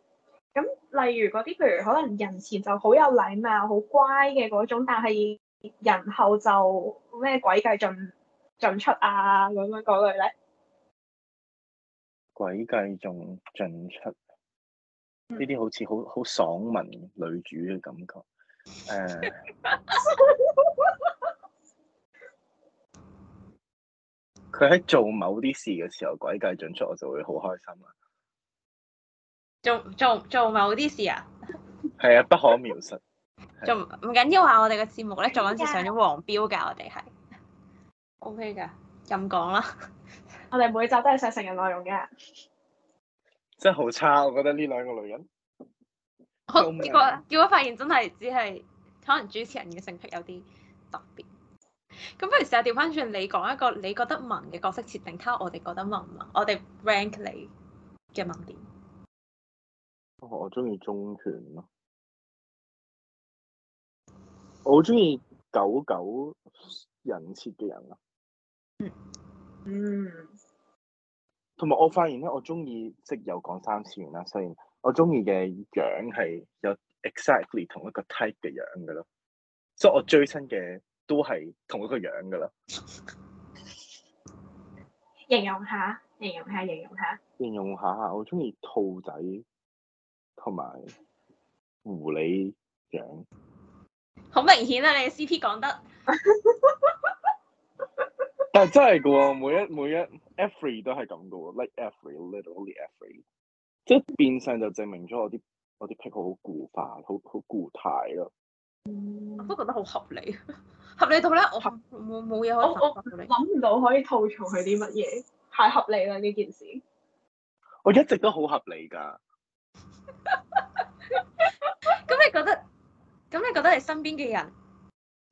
咁例如嗰啲，譬如可能人前就好有禮貌、好乖嘅嗰種，但係人後就咩鬼計進進出啊，咁樣嗰類咧？鬼計仲進出？呢啲、嗯、好似好好爽文女主嘅感覺，誒，佢喺做某啲事嘅時候，鬼計盡出，我就會好開心啦。做做做某啲事啊？係 啊，不可描述。做唔緊要啊，我哋嘅節目咧，仲有一次上咗黃標噶，我哋係。O K 噶，咁講啦， 我哋每集都係上成人內容嘅。真係好差，我覺得呢兩個女人，結果結果發現真係只係可能主持人嘅性癖有啲特別。咁不如試下調翻轉，你講一個你覺得萌嘅角色設定，睇下我哋覺得萌唔萌，我哋 rank 你嘅萌點。我我中意中權咯，我好中意狗狗人設嘅人啊。嗯。同埋我發現咧，我中意即有講三次元啦。雖然我中意嘅樣係有 exactly 同一個 type 嘅樣噶咯，所以我追親嘅都係同一個樣噶啦。形容下，形容下，形容下。形容下，我中意兔仔同埋狐狸樣。好明顯啦，啊，你嘅 CP 講得。 但係真係嘅喎，每一每一。Every 都係咁噶喎，like every, literally every，即係變相就證明咗我啲我啲癖好固化，好好固態咯。我都覺得好合理，合理到咧，我冇冇嘢，我我諗唔到可以吐槽佢啲乜嘢，太合理啦呢件事。我一直都好合理噶。咁 你覺得？咁你覺得你身邊嘅人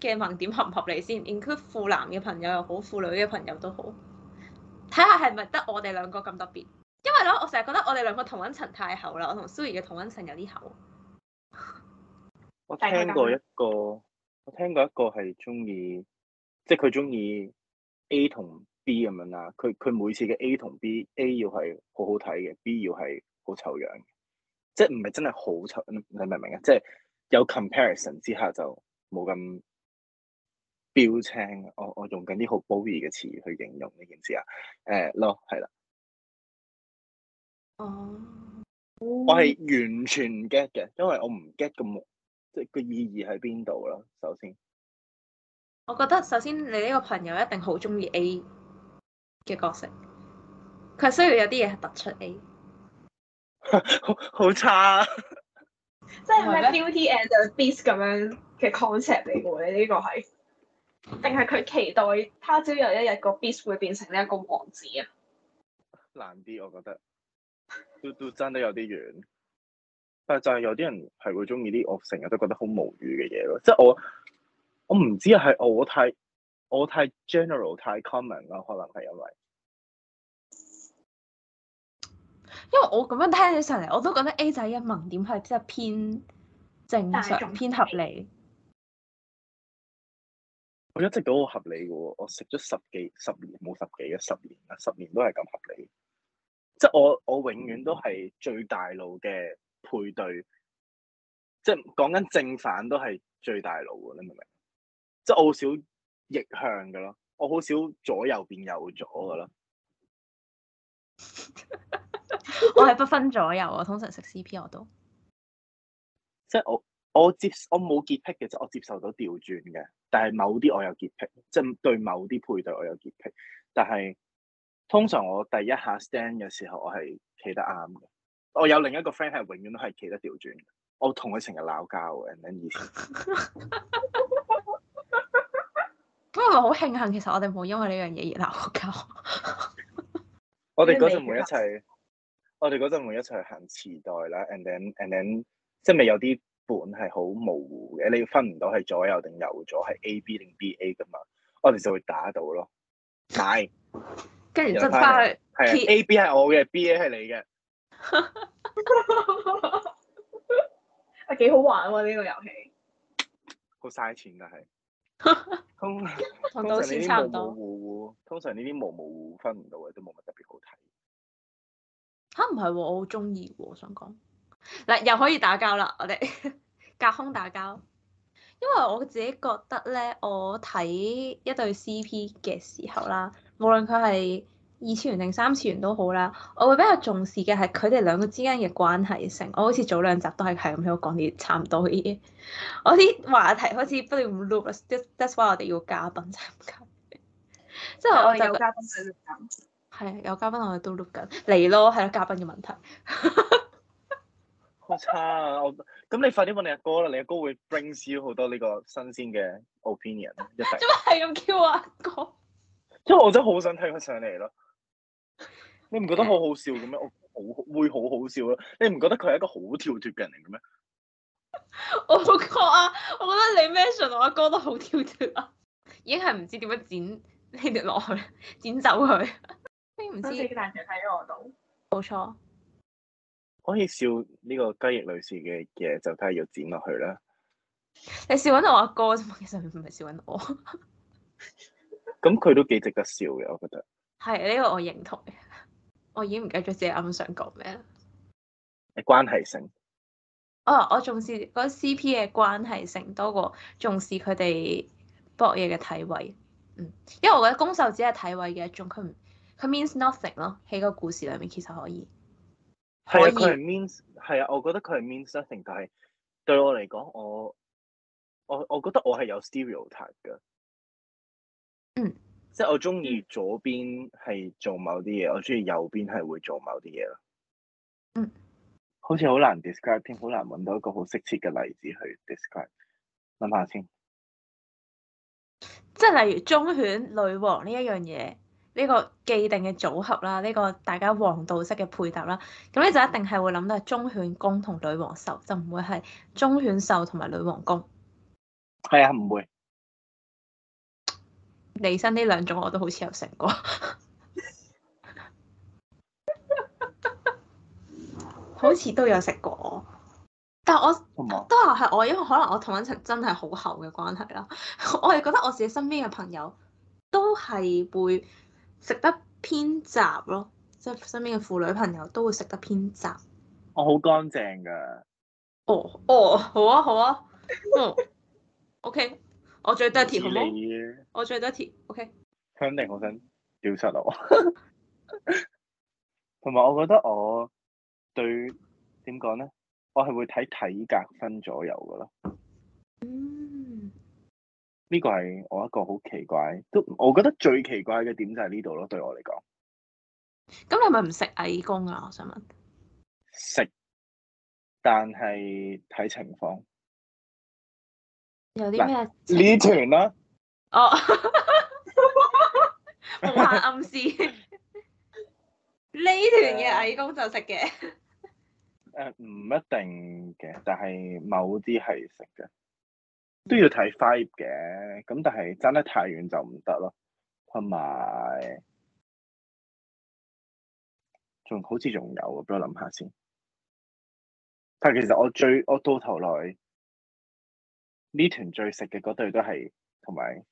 嘅盲點合唔合理先？include 腐男嘅朋友又好，腐女嘅朋友都好。睇下係咪得我哋兩個咁特別，因為咧，我成日覺得我哋兩個同溫層太厚啦。我同 Sue 嘅同溫層有啲厚。 我聽過一個，我聽過一個係中意，即係佢中意 A 同 B 咁樣啦。佢佢每次嘅 A 同 B，A 要係好好睇嘅，B 要係好醜樣嘅，即係唔係真係好醜？你明唔明啊？即係有 comparison 之下就冇咁。標青我我用緊啲好褒義嘅詞去形容呢件事啊，誒、呃，咯，係啦。哦，uh, 我係完全唔 get 嘅，因為我唔 get 咁，即係個意義喺邊度咯。首先，我覺得首先你呢個朋友一定好中意 A 嘅角色，佢需要有啲嘢係突出 A。 好，好差啊。即 係咩 Beauty and Beast 咁樣嘅 concept 嚟嘅喎？你呢 個係？定係佢期待他朝有一日個 Beast 會變成呢一個王子啊？難啲，我覺得都都爭得有啲遠。 但係就係有啲人係會中意啲我成日都覺得好無語嘅嘢，咯即係我我唔知係我太我太 general 太 common 啦，可能係因為因為我咁樣聽起上嚟，我都覺得 A 仔一萌點係即係偏正常但偏合理。我一直都好合理嘅，我食咗十幾十年冇十幾嘅十年啦，十年都係咁合理。即係我我永遠都係最大路嘅配對，即係講緊正反都係最大路嘅，你明唔明？即係我好少逆向嘅咯，我好少左右變右左嘅啦。我係不分左右，我通常食 CP 我都。即係我我接我冇潔癖嘅，就我接受到調轉嘅。但係某啲我有潔癖，即係對某啲配對我有潔癖。但係通常我第一下 stand 嘅時候，我係企得啱嘅。我有另一個 friend 係永遠都係企得調轉。我同佢成日鬧交嘅。And then 以前，咁我好慶幸，其實我哋冇因為呢樣嘢而鬧交。我哋嗰陣會一齊， 我哋嗰陣會一齊行時代啦。And then and then, and then, and then, then 即係未有啲。本係好模糊嘅，你分唔到係左右定右左，係 A B 定 B A 噶嘛，我哋就會打到咯。係、哎，跟住執翻去，係、啊、結 A B 係我嘅，B A 係你嘅。啊，幾好玩喎！呢、這個遊戲，好嘥錢噶係 。通常呢啲模模糊糊，通常呢啲模模糊糊分唔到嘅都冇乜特別好睇。吓唔係？我好中意，我想講。嗱，又可以打交啦！我哋隔空打交，因為我自己覺得咧，我睇一對 CP 嘅時候啦，無論佢係二次元定三次元都好啦，我會比較重視嘅係佢哋兩個之間嘅關係性。我好似早兩集都係係咁，我講啲差唔多嘅嘢，我啲話題好似不斷 loop 啊，That's why 我哋要嘉賓參加，即係我哋有嘉賓係有嘉賓我哋都 loop 緊嚟咯，係咯嘉賓嘅問題。 好、啊、差啊！我咁你快啲問你阿哥啦，你阿哥，哥會 bring you 好多呢個新鮮嘅 opinion 一定。做乜係咁叫阿、啊、哥？因為我真係好想睇佢上嚟咯。你唔覺得好好笑嘅咩？ 我好會好好笑咯。你唔覺得佢係一個好跳脫嘅人嚟嘅咩？ 我覺啊，我覺得你 mention 我阿、啊、哥都好跳脫啊，已經係唔知點樣剪呢條落去，剪走佢。 道你唔知？我四條彈夾喺我度。冇錯。可以笑呢個雞翼女士嘅嘢，就梗係要剪落去啦。你笑緊我阿哥啫嘛，其實佢唔係笑緊我。咁佢 都幾值得笑嘅，我覺得。係呢、這個我認同。我已經唔記得自己啱啱想講咩啦。關係性。哦，oh, 我重視嗰 C P 嘅關係性多過重視佢哋搏嘢嘅體位。嗯，因為我覺得攻受只係體位嘅一種，佢唔佢 means nothing 咯。喺個故事裏面，其實可以。係啊，佢係 means 係啊，我覺得佢係 mean something，但係對我嚟講，我我我覺得我係有 stereotype 噶，嗯，即係我中意左邊係做某啲嘢，我中意右邊係會做某啲嘢咯，嗯，好似好難 describe 添，好難搵到一個好適切嘅例子去 describe，諗下先，即係例如中犬女王呢一樣嘢。呢個既定嘅組合啦，呢、呢個大家王道式嘅配搭啦，咁你就一定係會諗到係忠犬攻同女王受，就唔會係忠犬受同埋女王攻。係啊，唔會。你身呢兩種我都好似有食過， 好似都有食過。但我嗎都話係我，因為可能我同一晴真係好厚嘅關係啦， 我係覺得我自己身邊嘅朋友都係會。食得偏雜咯，即係身邊嘅婦女朋友都會食得偏雜。我好乾淨㗎。哦哦，好啊好啊，嗯，OK，我最 dirty 好冇？我最 dirty，OK。肯定好想掉失落。同 埋我覺得我對點講咧？我係會睇體格分左右㗎咯。呢個係我一個好奇怪，都我覺得最奇怪嘅點就喺呢度咯。對我嚟講，咁你係咪唔食矮攻啊？我想問，食，但係睇情況。有啲咩？呢團啦、啊，哦，夢幻暗示，呢團嘅矮攻就食嘅。誒 唔、uh, 一定嘅，但係某啲係食嘅。都要睇 five 嘅，咁但係差得太遠就唔得咯。同埋，仲好似仲有，俾我諗下先。但係其實我最我到頭來呢團最食嘅嗰隊都係同埋，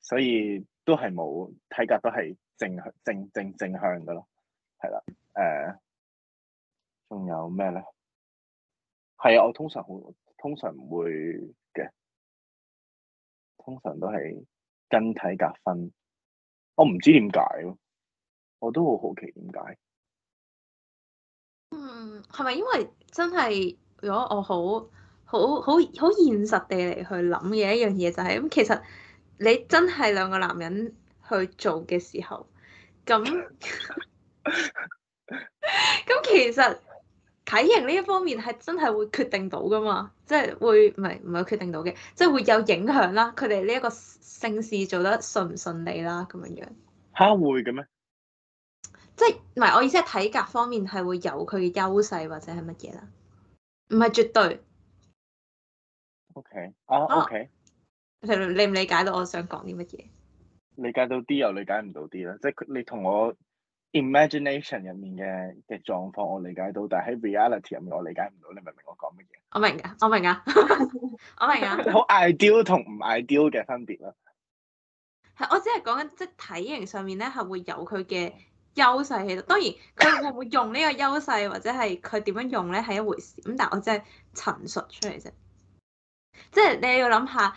所以都係冇體格都係正正正正，正向噶咯。係啦，誒、呃，仲有咩咧？係啊，我通常好通常唔會嘅。通常都係跟體格分，我唔知點解咯，我都好好奇點解。嗯，係咪因為真係如果我好好好好現實地嚟去諗嘅一樣嘢就係咁，其實你真係兩個男人去做嘅時候，咁咁 其實。體型呢一方面係真係會決定到㗎嘛，即係會唔係唔係決定到嘅，即係會有影響啦。佢哋呢一個性事做得順唔順利啦咁樣樣。吓，啊，會嘅咩？即係唔係我意思係體格方面係會有佢嘅優勢或者係乜嘢啦？唔係絕對。OK 啊 OK，你唔理解到我想講啲乜嘢？理解到啲又理解唔到啲啦，即係你同我。imagination 入面嘅嘅狀況我理解到，但係喺 reality 入面我理解唔到，你明唔明我講乜嘢？我明㗎， 我明㗎，我明㗎。好 ideal 同唔 ideal 嘅分別啦。係，我只係講緊即係體型上面咧，係會有佢嘅優勢喺度。當然佢會唔會用呢個優勢，或者係佢點樣用咧，係一回事。咁但係我只係陳述出嚟啫，即係你要諗下。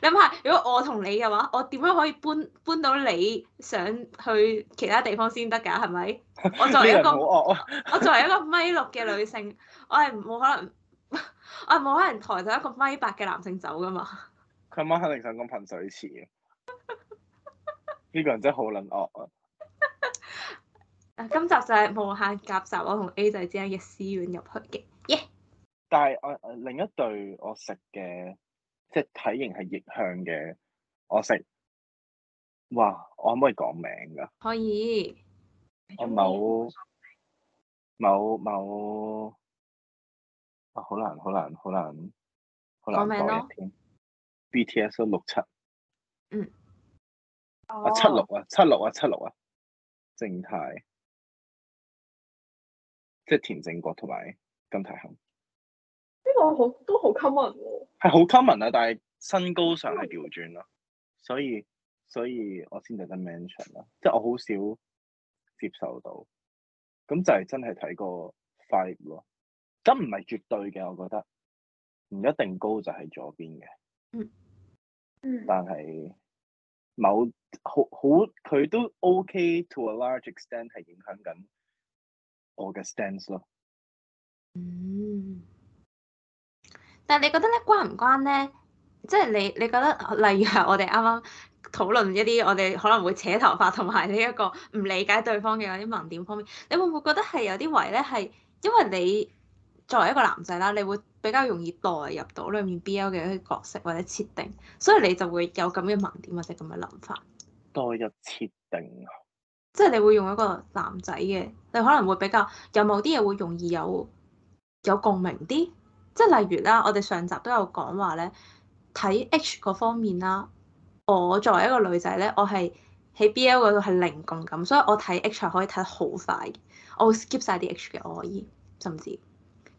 你諗下，如果我同你嘅話，我點樣可以搬搬到你想去其他地方先得噶？係咪？ 啊、我作為一個好惡， 我作為一個米六嘅女性，我係冇可能， 我冇可能抬走一個米八嘅男性走噶嘛？佢 媽肯定想講噴水池啊！呢 個人真係好撚惡啊！ 今集就係無限夾雜我同 A 仔之間嘅私怨入去嘅、yeah! 但係我另一對我食嘅。即係體型係逆向嘅，我識。哇！我可唔可以講名㗎？可以。我冇某，冇，冇。啊！好難，好難，好難，好難講名添。BTS 六七。嗯。七六啊，七六啊，七六啊。正太、啊啊啊啊。即係田正國同埋金泰亨。哦，好都好 common 喎，係好 common 啊，但係身高上係調轉咯，所以所以我先值得 mention 咯，即係我好少接受到，咁就係真係睇過 five 咯，咁唔係絕對嘅，我覺得唔一定高就係左邊嘅，嗯，但係某好好佢都 OK to a large extent 係影響緊我嘅 stance 咯，嗯。但係你覺得咧關唔關咧？即係你你覺得例如係我哋啱啱討論一啲我哋可能會扯頭髮同埋呢一個唔理解對方嘅嗰啲盲點方面，你會唔會覺得係有啲位咧係因為你作為一個男仔啦，你會比較容易代入到裡面 BL 嘅一啲角色或者設定，所以你就會有咁嘅盲點或者咁嘅諗法？代入設定，即係你會用一個男仔嘅，你可能會比較有某啲嘢會容易有有共鳴啲。即係例如啦，我哋上集都有講話咧，睇 H 嗰方面啦。我作為一個女仔咧，我係喺 BL 嗰度係零共感，所以我睇 H 可以睇得好快，我會 skip 晒啲 H 嘅，我可以甚至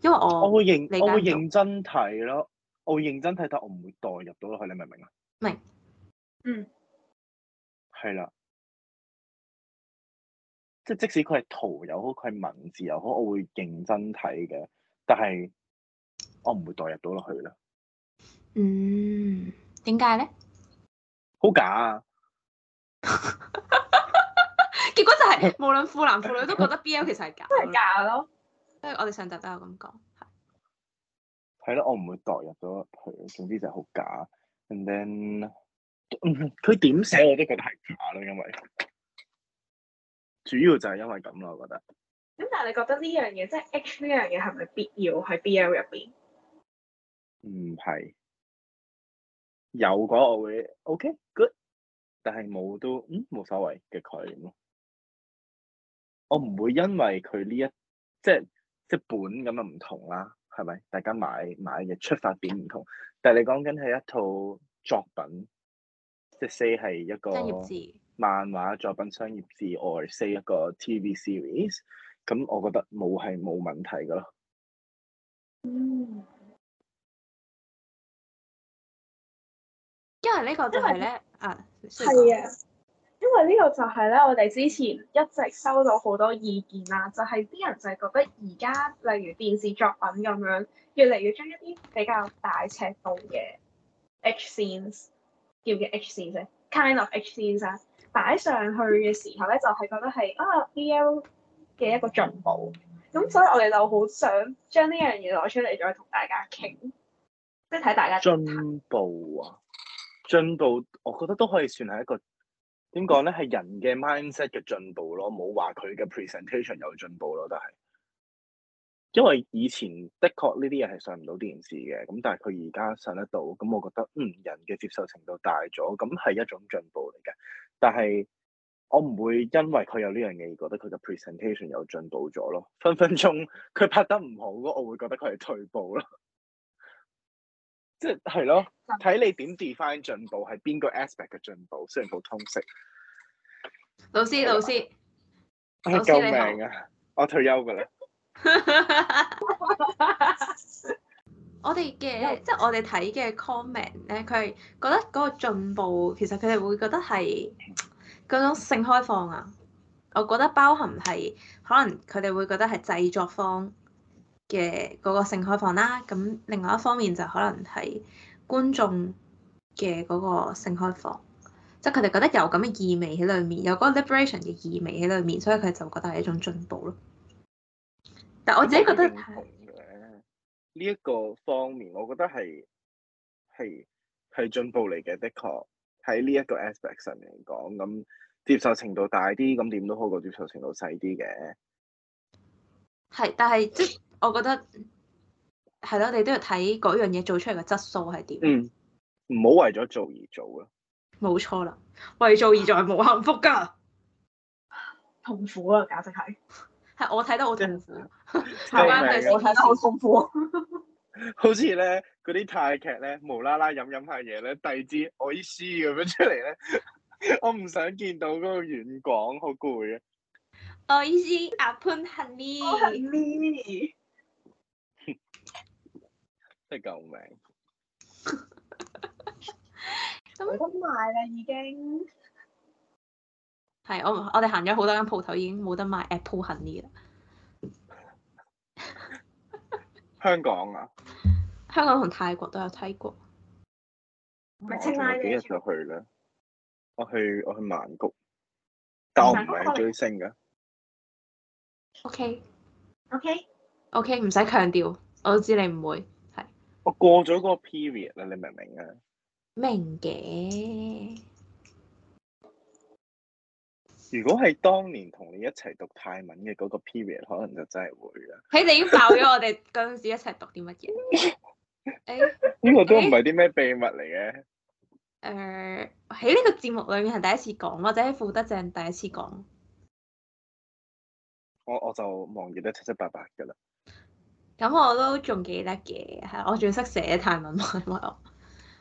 因為我我會認我會認真睇咯，我會認真睇睇，但我唔會代入到去，你明唔明啊？明，嗯，係啦，即係即使佢係圖又好，佢係文字又好，我會認真睇嘅，但係。我唔會代入到落去啦。嗯，點解咧？好假啊！ 結果就係、是、無論腐男腐女 都覺得 B L 其實係假咯。都係假咯，即係我哋上集都有咁講。係咯，我唔會代入到落去，總之就係好假。And then，佢點寫我都覺得係假咯，因為主要就係因為咁咯，我覺得。咁但係你覺得呢樣嘢，即係 H 呢樣嘢係咪必要喺 BL 入邊？唔係有嗰我會 OK good，但係冇都嗯冇所謂嘅概念咯。我唔會因為佢呢一即係即本咁樣唔同啦，係咪？大家買買嘅出發點唔同，但係你講緊係一套作品，即係 say 係一個商業誌漫畫作品商業誌 or say 一個 TV series。咁我覺得冇係冇問題噶咯。嗯。因為呢個就係咧，為啊。係啊。因為呢個就係咧，我哋之前一直收到好多意見啦，就係、係、啲人就係覺得而家例如電視作品咁樣，越嚟越將一啲比較大尺度嘅 H scenes 叫嘅 H scenes、kind of H scenes、啊、擺上去嘅時候咧，就係覺得係啊 BL 嘅一個進步，咁所以我哋就好想將呢樣嘢攞出嚟再同大家傾，即係睇大家進步啊！進步，我覺得都可以算係一個點講咧，係人嘅 mindset 嘅進步咯，冇話佢嘅 presentation 有進步咯，但係因為以前的確呢啲嘢係上唔到電視嘅，咁但係佢而家上得到，咁我覺得嗯人嘅接受程度大咗，咁係一種進步嚟嘅，但係。我唔會因為佢有呢樣嘢，而覺得佢嘅 presentation 有進步咗咯，分分鐘佢拍得唔好我會覺得佢係退步咯。即係咯，睇、嗯、你點 define 進步，係邊個 aspect 嘅進步，雖然冇通識。老師，老師，救命啊！我退休噶啦。 我哋嘅即係我哋睇嘅 comment 咧，佢係覺得嗰個進步，其實佢哋會覺得係。嗰種性開放啊，我覺得包含係可能佢哋會覺得係製作方嘅嗰個性開放啦、啊。咁另外一方面就可能係觀眾嘅嗰個性開放，即係佢哋覺得有咁嘅意味喺裡面，有嗰個 liberation 嘅意味喺裡面，所以佢就覺得係一種進步咯。但我自己覺得係呢一個方面，我覺得係係係進步嚟嘅，的確喺呢一個 aspect 上面嚟講咁。接受程度大啲，咁點都好過接受程度細啲嘅。係，但係即係，我覺得係咯，你都要睇嗰樣嘢做出嚟嘅質素係點。嗯，唔好為咗做而做啊！冇錯啦，為做而做係冇幸福噶， 痛苦啊！簡直係，係 我睇得好 痛苦，台灣佢先，我睇得好痛苦。好似咧，嗰啲泰劇咧，無啦啦飲飲下嘢咧，第二支愛思咁樣出嚟咧。 我唔想見到嗰個遠港，好攰啊！我意思，apple honey，我 honey，真救命！冇得賣啦，已經係我我哋行咗好多間鋪頭，已經冇得賣 apple honey 喇。 香港啊！香港同泰國都有睇過，唔係清邁幾日就去啦。我去我去曼谷，但唔係追星噶。OK OK OK，唔使強調，我都知你唔會係。我過咗嗰個 period 啦，你明唔明啊？明嘅。如果係當年同你一齊讀泰文嘅嗰個 period，可能就真係會啦。嘿，你要爆咗我哋嗰陣時一齊讀啲乜嘢？呢個都唔係啲咩秘密嚟嘅。誒喺呢個節目裏面係第一次講，或者喺腐得正第一次講。我我就忘記得七七八八㗎啦。咁我都仲記得嘅，係我仲識寫泰文文。我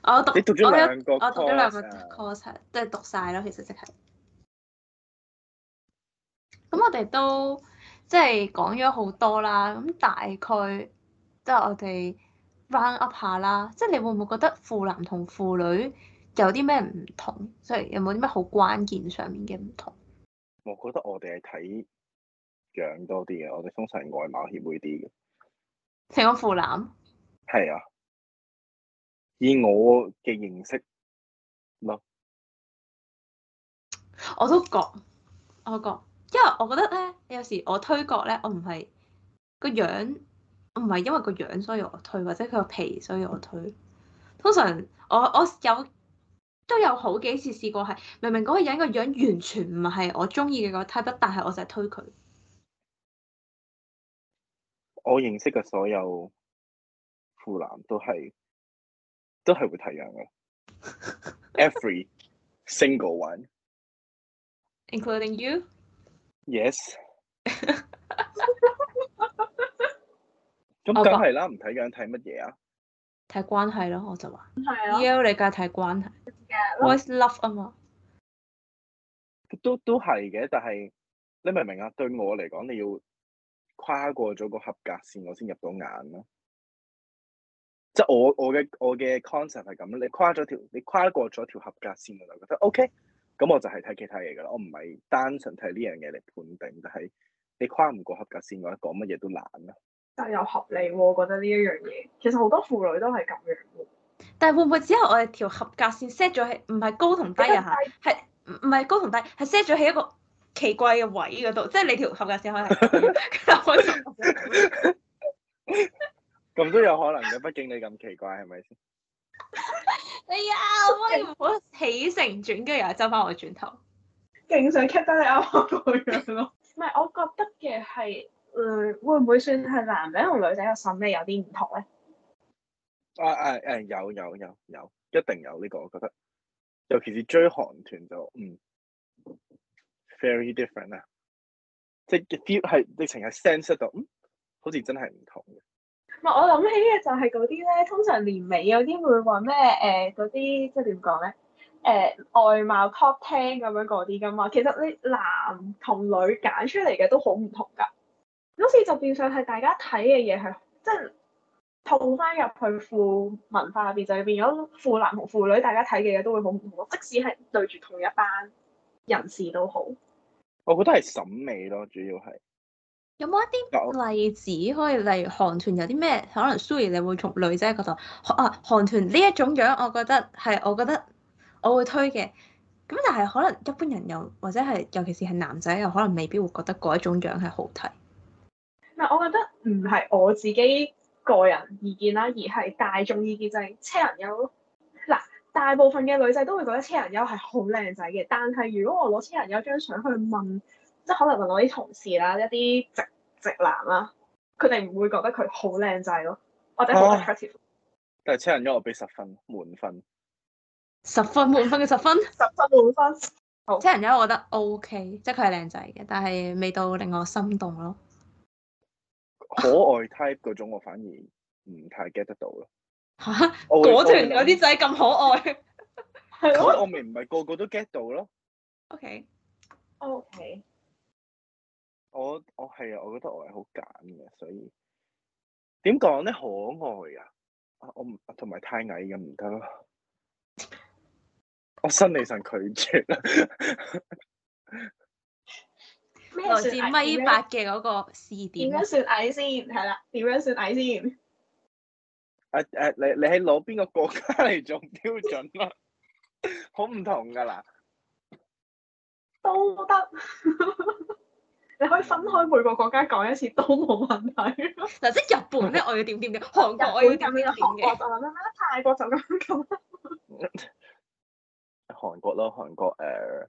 我讀你讀咗兩個我，我讀咗兩個 course，即係、啊、讀晒咯，其實即、就、係、是。咁我哋都即係、就是、講咗好多啦。咁大概即係、就是、我哋 round up 下啦。即、就、係、是、你會唔會覺得腐男同腐女？有啲咩唔同，所以有冇啲咩好關鍵上面嘅唔同？我覺得我哋係睇樣多啲嘅，我哋通常外貌協會啲嘅。成個腐男。係啊。以我嘅認識咯，我都覺，我覺，因為我覺得咧，有時我推角咧，我唔係個樣，我唔係因為個樣，所以我推，或者佢個皮，所以我推。通常我我有。都有好幾次試過係，明明嗰個人個樣完全唔係我中意嘅個 type，但係我就係推佢。我認識嘅所有腐男都係都係會睇樣嘅，every single one，including you yes. Yes。咁梗係啦，唔睇樣睇乜嘢啊？睇關係咯，我就話，E.O. 你梗係睇關係。always love 啊嘛、嗯，都都係嘅，但係你明唔明啊？對我嚟講，你要跨過咗個合格，過過合格線，我先入到眼啦。即、okay, 係我我嘅我嘅 concept 係咁，你跨咗條，你跨過咗條合格線我就覺得 OK。咁我就係睇其他嘢噶啦，我唔係單純睇呢樣嘢嚟判定，但係你跨唔過合格線，我講乜嘢都難啦。但係又合理喎，我覺得呢一樣嘢，其實好多腐女都係咁樣。但會唔會只有我哋條合格線 set 咗喺唔係高同低啊嚇？係唔唔係高同低？係 set 咗喺一個奇怪嘅位嗰度，即係你條合格線可能咁 都有可能嘅，畢竟你咁奇怪係咪先？是是 哎呀，我唔好起承轉，跟又又周翻我轉頭，勁想 cut 得你啱個樣咯。唔係，我覺得嘅係，誒、嗯、會唔會算係男仔、嗯、同女仔嘅審美有啲唔同咧？啊誒誒、啊啊、有有有有一定有呢、呢個，我覺得，尤其是追韓團就嗯，very different 咧，即係 feel 係，疫情係 sense 到，嗯，好似真係唔同嘅。唔、啊、我諗起嘅就係嗰啲咧，通常年尾有啲會話咩誒嗰啲即係點講咧？誒、呃、外貌 top ten 咁樣嗰啲噶嘛，其實你男同女揀出嚟嘅都好唔同噶，好似就變相係大家睇嘅嘢係即係。欸套翻入去腐文化入邊就係變咗腐男同腐女大家睇嘅嘢都會好唔同，即使係對住同一班人士都好。我覺得係審美咯，主要係有冇一啲例子可以，例如韓團有啲咩可能？s 蘇怡你會從女仔角度，啊韓團呢一種樣，我覺得係，我覺得我會推嘅。咁但係可能一般人又或者係尤其是係男仔又可能未必會覺得嗰一種樣係好睇。唔，我覺得唔係我自己。個人意見啦，而係大眾意見就係、係、車人友嗱，大部分嘅女仔都會覺得車人友係好靚仔嘅。但係如果我攞車人友張相去問，即係可能問我啲同事啦，一啲直直男啦，佢哋唔會覺得佢好靚仔咯，或者好 active、啊。但係車人友我俾十分滿分，十分滿分嘅十分，十 分滿分。好，車人友我覺得 OK，即係佢係靚仔嘅，但係未到令我心動咯。可愛 type 嗰種我反而唔太 get 得到咯。嚇、啊，會果團有啲仔咁可愛， 啊、我咪唔係個個都 get 到咯。OK，OK Okay. Okay.。我我係啊，我覺得我係好揀嘅，所以點講咧？可愛啊！我唔同埋太矮咁唔得咯，我心理上拒絕啦。 咩？來自米八嘅嗰個試點點樣算矮先？係啦，點樣算矮先？誒誒、啊啊，你你係攞邊個國家嚟做標準啊？好唔 同噶啦，都得行， 你可以分開每個國家講一次都冇問題。嗱、啊，即係日本咧， 我要點點點；韓國我要點點點；韓國就咁樣啦，泰國就咁咁。 韓國咯，韓國誒。呃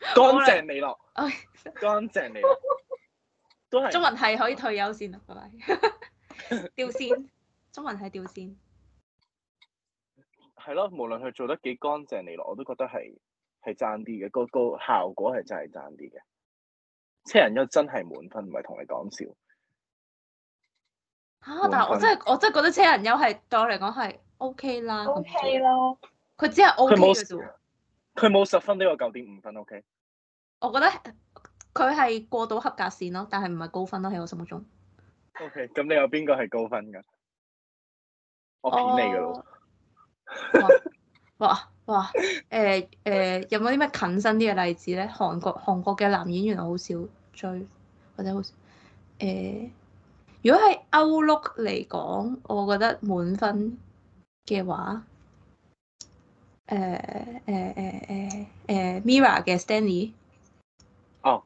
乾淨利落，乾淨利落，都係。中文係可以退休先啦，係咪？吊線。 中文係吊線。係咯，無論佢做得幾乾淨利落，我都覺得係係爭啲嘅，嗰個效果係真係爭啲嘅。車人優真係滿分，唔係同你講笑。吓、啊，但係我真係分我真係覺得車人優係對我嚟講係 OK 啦。OK 咯，佢、okay、了只係 OK 佢冇十分俾我九點五分，OK？我覺得佢係過到合格線咯，但係唔係高分咯喺我心目中。OK，咁你有邊個係高分噶？我片嚟噶咯。哇哇，誒、呃、誒、呃呃，有冇啲咩近身啲嘅例子咧？韓國、韓國嘅男演員我好少追，或者好少。誒、呃，如果係歐陸嚟講，我覺得滿分嘅話。誒誒誒誒誒 Mirror 嘅 Stanley 哦，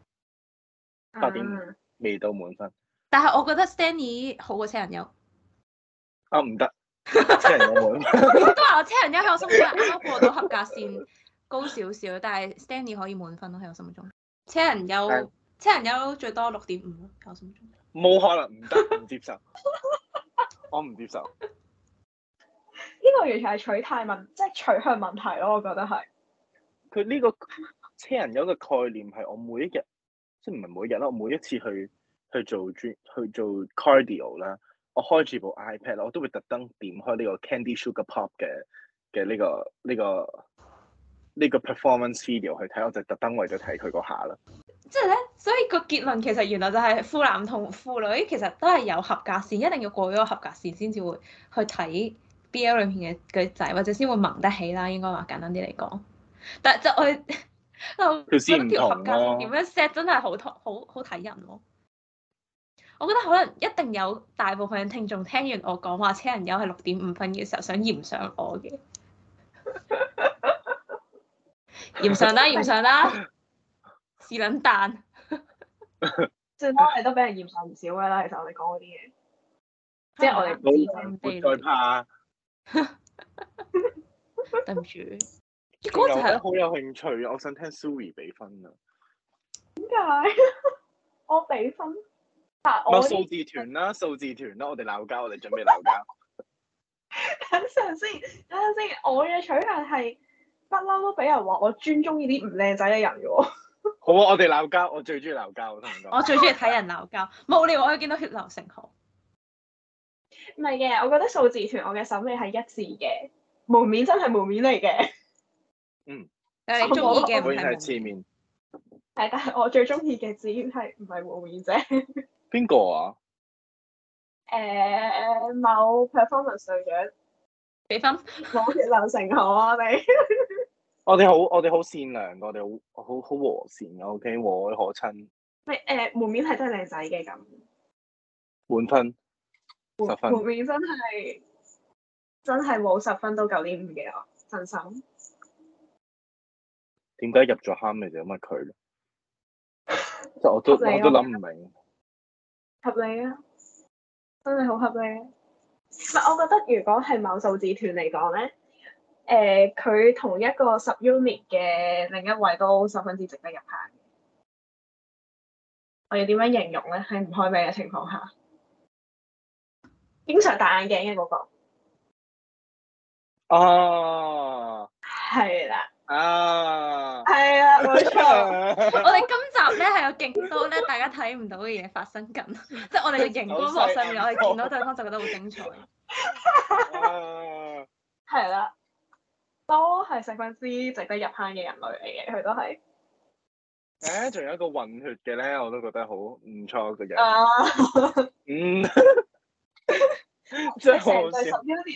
八、oh, 點未到滿分，uh, 但係我覺得 Stanley 好過車人友啊唔得，真係我滿都話我車人友喺我心目中過到合格線高少少，但係 Stanley 可以滿分咯喺我心目中，車人友車人友最多六點五喺我心目中冇可能唔得唔接受， 我唔接受。呢個完全係取態問，即係取向問題咯。我覺得係佢呢個車人有，個概念係我每一日，即係唔係每日啦，我每一次去去做專去做 cardio 啦，我開住部 iPad，我都會特登點開呢個 Candy Sugar Pop 嘅嘅呢個呢個呢個 performance video 去睇，我就特登為咗睇佢嗰下啦。即係咧，所以個結論其實原來就係腐男同腐女其實都係有合格線，一定要過咗個合格線先至會去睇。B.L. 裏面嘅嗰啲仔，或者先會萌得起啦，應該話簡單啲嚟講。但係就我， 我條線唔同咯。點樣 set 真係好睇，好好睇人咯、哦。我覺得可能一定有大部分嘅聽眾聽完我講話，車人友係六點五分嘅時候想嚴上我嘅。 嚴上啦，嚴上啦，屎撚蛋！最多係都俾人嚴上唔少嘅啦。其實、啊、我哋講嗰啲嘢，即係我哋自信啲。再怕。 對唔住起，我有好有興趣我想聽 Suri 俾分啊！點解我俾分？啊！我數字團啦，數字團啦！我哋鬧交，我哋準備鬧交 等陣先，等陣先。我嘅取向係不嬲都俾人話我專中意啲唔靚仔嘅人嘅。 好啊！我哋鬧交，我最中意鬧交。我,我最中意睇人鬧交，冇理由我見到血流成河。唔係嘅，我覺得數字同我嘅審美係一致嘅。門面真係門面嚟嘅。嗯。但係中意嘅係。門面係但係我最中意嘅字要係唔係門面啫。邊個啊？誒，某 performance 衰咗。比分冇逆流成河啊！我哋。我哋好，我哋好善良我哋好好好和善嘅，OK，和藹可親。唔係誒，門面係真係靚仔嘅咁。滿分。十分真係真係，冇十分都九點五嘅，我真心。點解入咗坑嚟，就乜佢？即 係理 我都我都諗唔明合，啊。合理啊，真係好合理，啊。唔係，我覺得如果係某數字團嚟講咧，誒、呃，佢同一個 sub unit 嘅另一位都十分之值得入坑。我要點樣形容咧？喺唔開名嘅情況下？經常戴眼鏡嘅嗰個，哦，係啦，啊，係啊，冇錯，我哋今集咧係有勁多咧，大家睇唔到嘅嘢發生緊，即係我哋嘅熒光幕上面，我哋見到對方就覺得好精彩，係啦，都係十分之值得入坑嘅人類嚟嘅，佢都係，誒，仲有一個混血嘅咧，我都覺得好唔錯嘅人，嗯。即係好好笑，十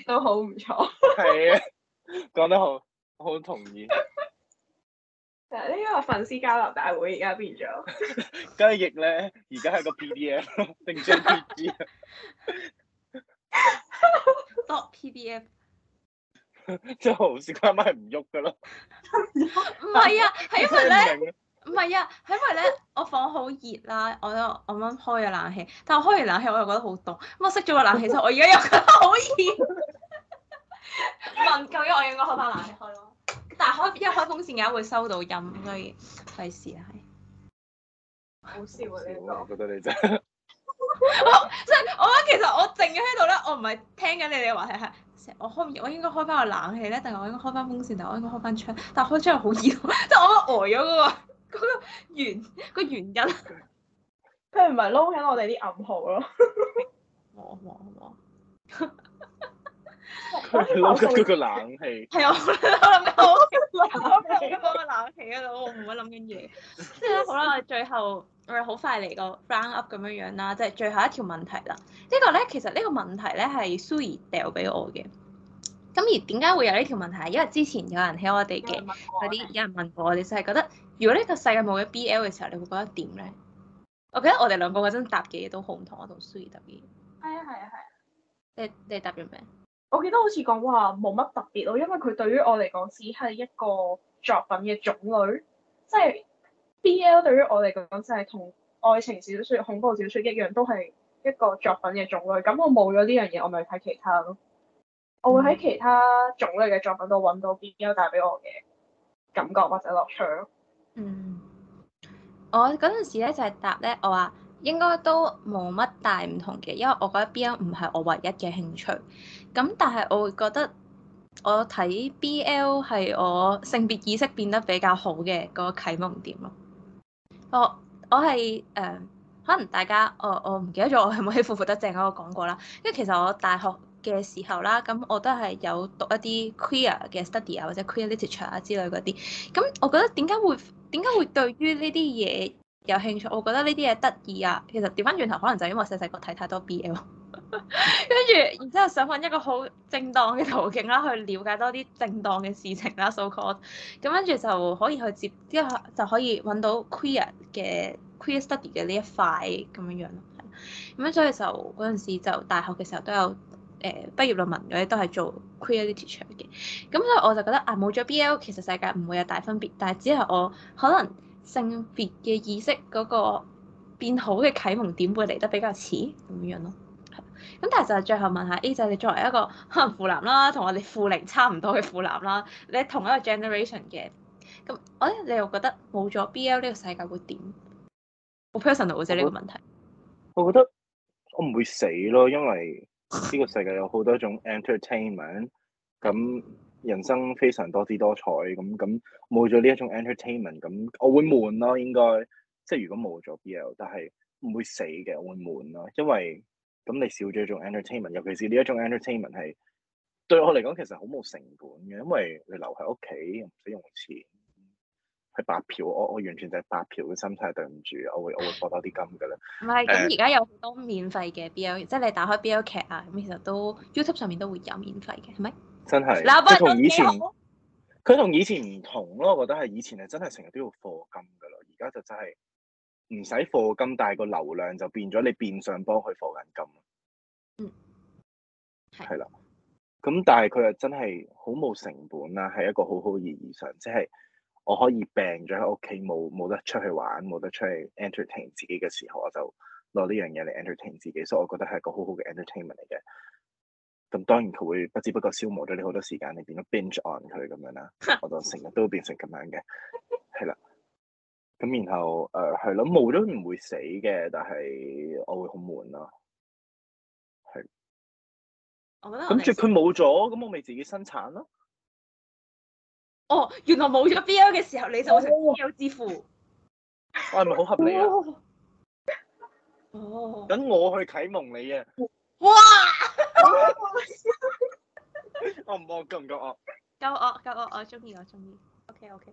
都好唔錯。係啊，講得好好同意。其實呢個粉絲交流大會而家變咗 ，雞翼咧，而家係個 PDF 定唔知 JPG，dot PDF，即係好少阿媽唔喐噶啦。唔係啊，係因為咧。 唔係啊，係因為咧，我房好熱啦，我我啱開咗冷氣，但我開完冷氣我又覺得好凍，咁我熄咗個冷氣之後，我而家又覺得好熱。問究竟我應該開翻冷氣開咯？但係開一開風扇嘅話會收到音，所以費事啊，係、這個。好笑啊！你覺得？我覺得你真係， 我覺得其實我靜喺度咧，我唔係聽緊你哋話係，我開我應該開翻個冷氣咧，定係我應該開翻風扇，定係我應該開翻窗？但係開窗又好熱，即 係我覺得呆咗嗰個。個原個原因，佢唔係撈緊我哋啲暗號咯。我我我，佢撈緊個冷氣。係啊， 我諗緊冷氣。我諗緊冷氣我唔會諗緊嘢。即好啦，我哋最後我哋好快嚟個 round up 咁樣樣啦，即、就、係、是、最後一條問題啦。這個、呢個咧其實呢個問題咧係 Suri 掉俾我嘅。咁而點解會有呢條問題？因為之前有人喺我哋嘅嗰啲有人問過我，問過我哋就係覺得。如果呢個世界冇咗 BL 嘅時候，你會覺得點咧？我記得我哋兩個嗰陣答嘅嘢都好唔同，一度需要特別。係啊係啊係啊！你你答咗咩？我記得好似講話冇乜特別咯，因為佢對於我嚟講只係一個作品嘅種類，即係 BL 對於我嚟講就係同愛情小説、恐怖小説一樣，都係一個作品嘅種類。咁我冇咗呢樣嘢，我咪睇其他咯。我會喺其他種類嘅作品度揾到 BL 帶俾我嘅感覺或者樂趣咯。嗯、mm. 就是，我嗰陣時咧就係答咧，我話應該都冇乜大唔同嘅，因為我覺得 BL 唔係我唯一嘅興趣，咁但係我會覺得我睇 BL 係我性別意識變得比較好嘅嗰、那個啟蒙點咯。我我係誒、呃，可能大家我我唔記得咗，我係咪喺《腐腐得正》嗰個講過啦。因為其實我大學嘅時候啦，咁我都係有讀一啲 queer 嘅 study 啊，或者 queer literature 啊之類嗰啲，咁我覺得點解會？點解會對於呢啲嘢有興趣？我覺得呢啲嘢得意啊！其實調翻轉頭，可能就因為細細個睇太多 BL，跟 住然之後想揾一個好正當嘅途徑啦，去了解多啲正當嘅事情啦，so called。咁跟住就可以去接，之後就可以揾到 queer 嘅 queer study 嘅呢一塊咁樣樣咯。咁樣所以就嗰陣時就大學嘅時候都有。誒、呃、畢業論文啲都係做 queer literature 嘅，咁所以我就覺得啊，冇咗 BL 其實世界唔會有大分別，但係只係我可能性別嘅意識嗰個變好嘅啟蒙點會嚟得比較遲咁樣咯。咁但係就係最後問下 A 仔，哎就是、你作為一個可能腐男啦，同我哋腐齡差唔多嘅腐男啦，你同一個 generation 嘅，咁誒你又覺得冇咗 BL 呢個世界會點？好 personal 啫，呢個問題我。我覺得我唔會死咯，因為。.呢個世界有好多種 entertainment，咁人生非常多姿多彩，咁咁冇咗呢一種 entertainment，咁我會悶咯，應該即係如果冇咗 BL，但係唔會死嘅，我會悶咯，因為咁你少咗一種 entertainment，尤其是呢一種 entertainment 係對我嚟講其實好冇成本嘅，因為你留喺屋企唔使用錢。係白嫖，我我完全就係白嫖嘅心態，對唔住，我會我會課多啲金㗎啦。唔係是，咁而家有好多免費嘅 BL 即係你打開 BL 劇啊，咁其實都 YouTube 上面都會有免費嘅，係咪？真係是。嗱，佢同以前，佢同好以前唔同咯。我覺得係以前係真係成日都要課金㗎咯，而家就真係唔使課金，但係個流量就變咗你變相幫佢課緊金。嗯，係係啦。咁但係佢又真係好冇成本啦，係一個好好嘅意義上，即係。我可以病咗喺屋企，冇冇得出去玩，冇得出去 entertain 自己嘅時候，我就攞呢樣嘢嚟 entertain 自己，所以我覺得係一個好好嘅 entertainment 嚟嘅。咁當然佢會不知不覺消磨咗你好多時間，你變咗 binge on 佢咁樣啦。我就成日都變成咁樣嘅，係啦。 咁然後誒係咯，冇咗唔會死嘅，但係我會好悶咯，啊。係，我覺得我。咁住，佢冇咗，咁我咪自己生產咯。哦，原來冇咗 B L 嘅時候，你就用 B L 支付，我係咪好合理啊？哦，等我去啟蒙你啊！哇！我唔覺夠唔夠惡？夠惡夠惡，我中意我中意。O K O K，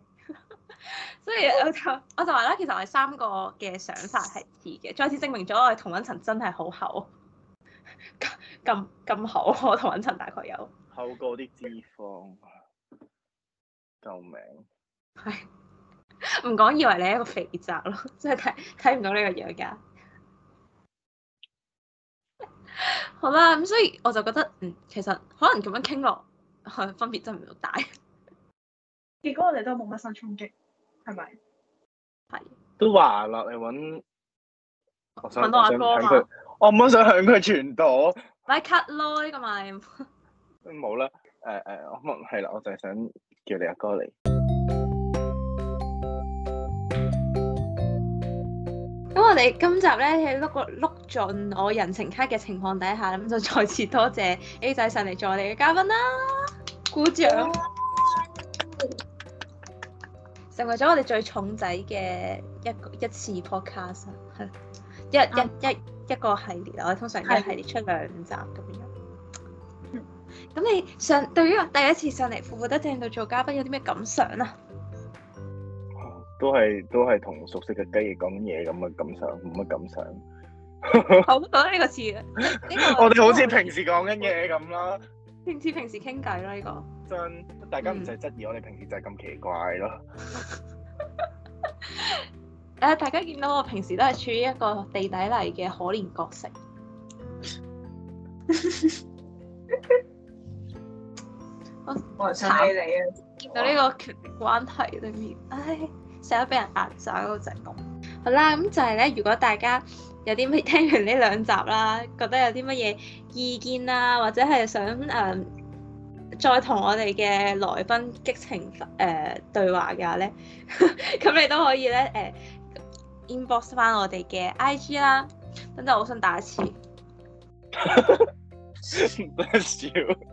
所以我就我就話啦，其實我哋三個嘅想法係似嘅，再次證明咗我哋同温層真係好厚，咁咁厚，我同温層大概有厚過啲脂肪。救命！係唔講，以為你係一個肥宅咯，即係睇睇唔到呢個樣噶。 好啦，咁所以我就覺得，嗯，其實可能咁樣傾落，分別真係唔係好大。 結果我哋都冇乜新衝擊，係咪？係。都話啦，你搵搵到阿哥我唔好想向佢傳導。咪 cut 咯，呢、這個咪。冇啦，誒誒、呃呃，我係啦，我就係想。叫你阿哥嚟。咁我哋今集咧，喺碌個碌盡我人情卡嘅情況底下，咁就再次多謝 A 仔上嚟做我哋嘅嘉賓啦，鼓掌！ 成為咗我哋最重仔嘅一一次 podcast，係 一 一一一，一個系列我哋通常一個系列出兩集咁樣。咁你上對於我第一次上嚟，腐腐得正度做嘉賓，有啲咩感想啊？都係都係同熟悉嘅雞翼講嘢咁嘅感想，冇乜感想。 好講呢個詞、這個、 啊！我哋好似平時講緊嘢咁啦，平似平時傾偈啦呢個。真，大家唔使質疑我哋平時就係咁奇怪咯。誒、嗯 呃，大家見到我平時都係處於一個地底泥嘅可憐角色。 我踩你啊！Oh, 憐見到呢個權力關係裡面，唉哇，成日俾人壓榨嗰陣咁。好啦，咁就係咧，如果大家有啲咩聽完呢兩集啦，覺得有啲乜嘢意見啊，或者係想誒、呃、再同我哋嘅來賓激情誒、呃、對話嘅話咧，咁 你都可以咧誒、呃、inbox 翻我哋嘅 IG 啦，等陣我想打一次。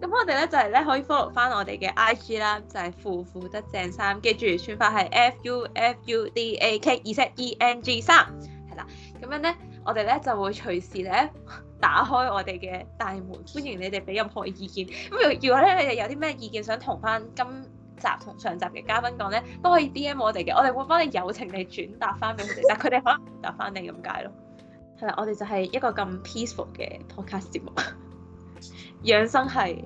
咁我哋咧就係咧可以 follow 翻我哋嘅 IG 啦、就係，就係腐腐得正三，記住串法係 F U F U D A K、Z、E E S E N G 三，係啦。咁樣咧，我哋咧就會隨時咧打開我哋嘅大門，歡迎你哋俾任何意見。咁如如果咧你哋有啲咩意見想同翻今集同上集嘅嘉賓講咧，都可以 DM 我哋嘅，我哋會幫你友情地轉達翻俾佢哋，就佢哋可能答翻你咁解咯。係啦，我哋就係一個咁 peaceful 嘅 podcast 節目。養生係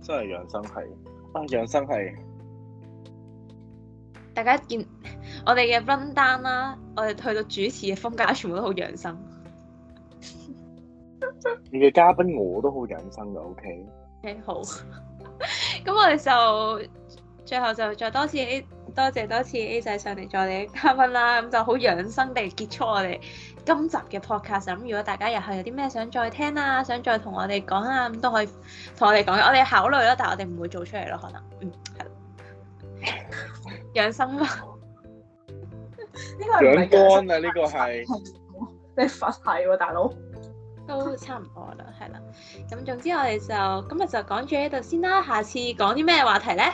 真係養生係，啊養生係！大家見我哋嘅 run down 啦，我哋去到主持嘅風格全部都好養生。你嘅嘉賓我都好養生噶，O K？誒好，咁我哋就最後就再多次 A，多謝多次 A 仔上嚟做你嘅嘉賓啦，咁就好養生地結束我哋。今集嘅 Podcast，咁如果大家入去有啲咩想再聽啊，想再同我哋講啊，咁都可以同我哋講嘅，我哋考慮咯，但係我哋唔會做出嚟咯，可能。嗯， 養生，吧 個養生啊？養肝啊？呢個係你發題喎，大佬。都差唔多啦，係啦。咁總之我哋就今日就講住呢度先啦。下次講啲咩話題咧？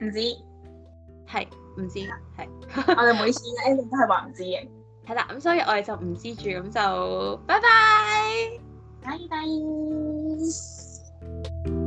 唔知。係唔知？係。 我哋每次嘅都係話唔知嘅。係啦，咁所以我哋就唔知住，咁就拜拜，拜拜 bye。Bye bye.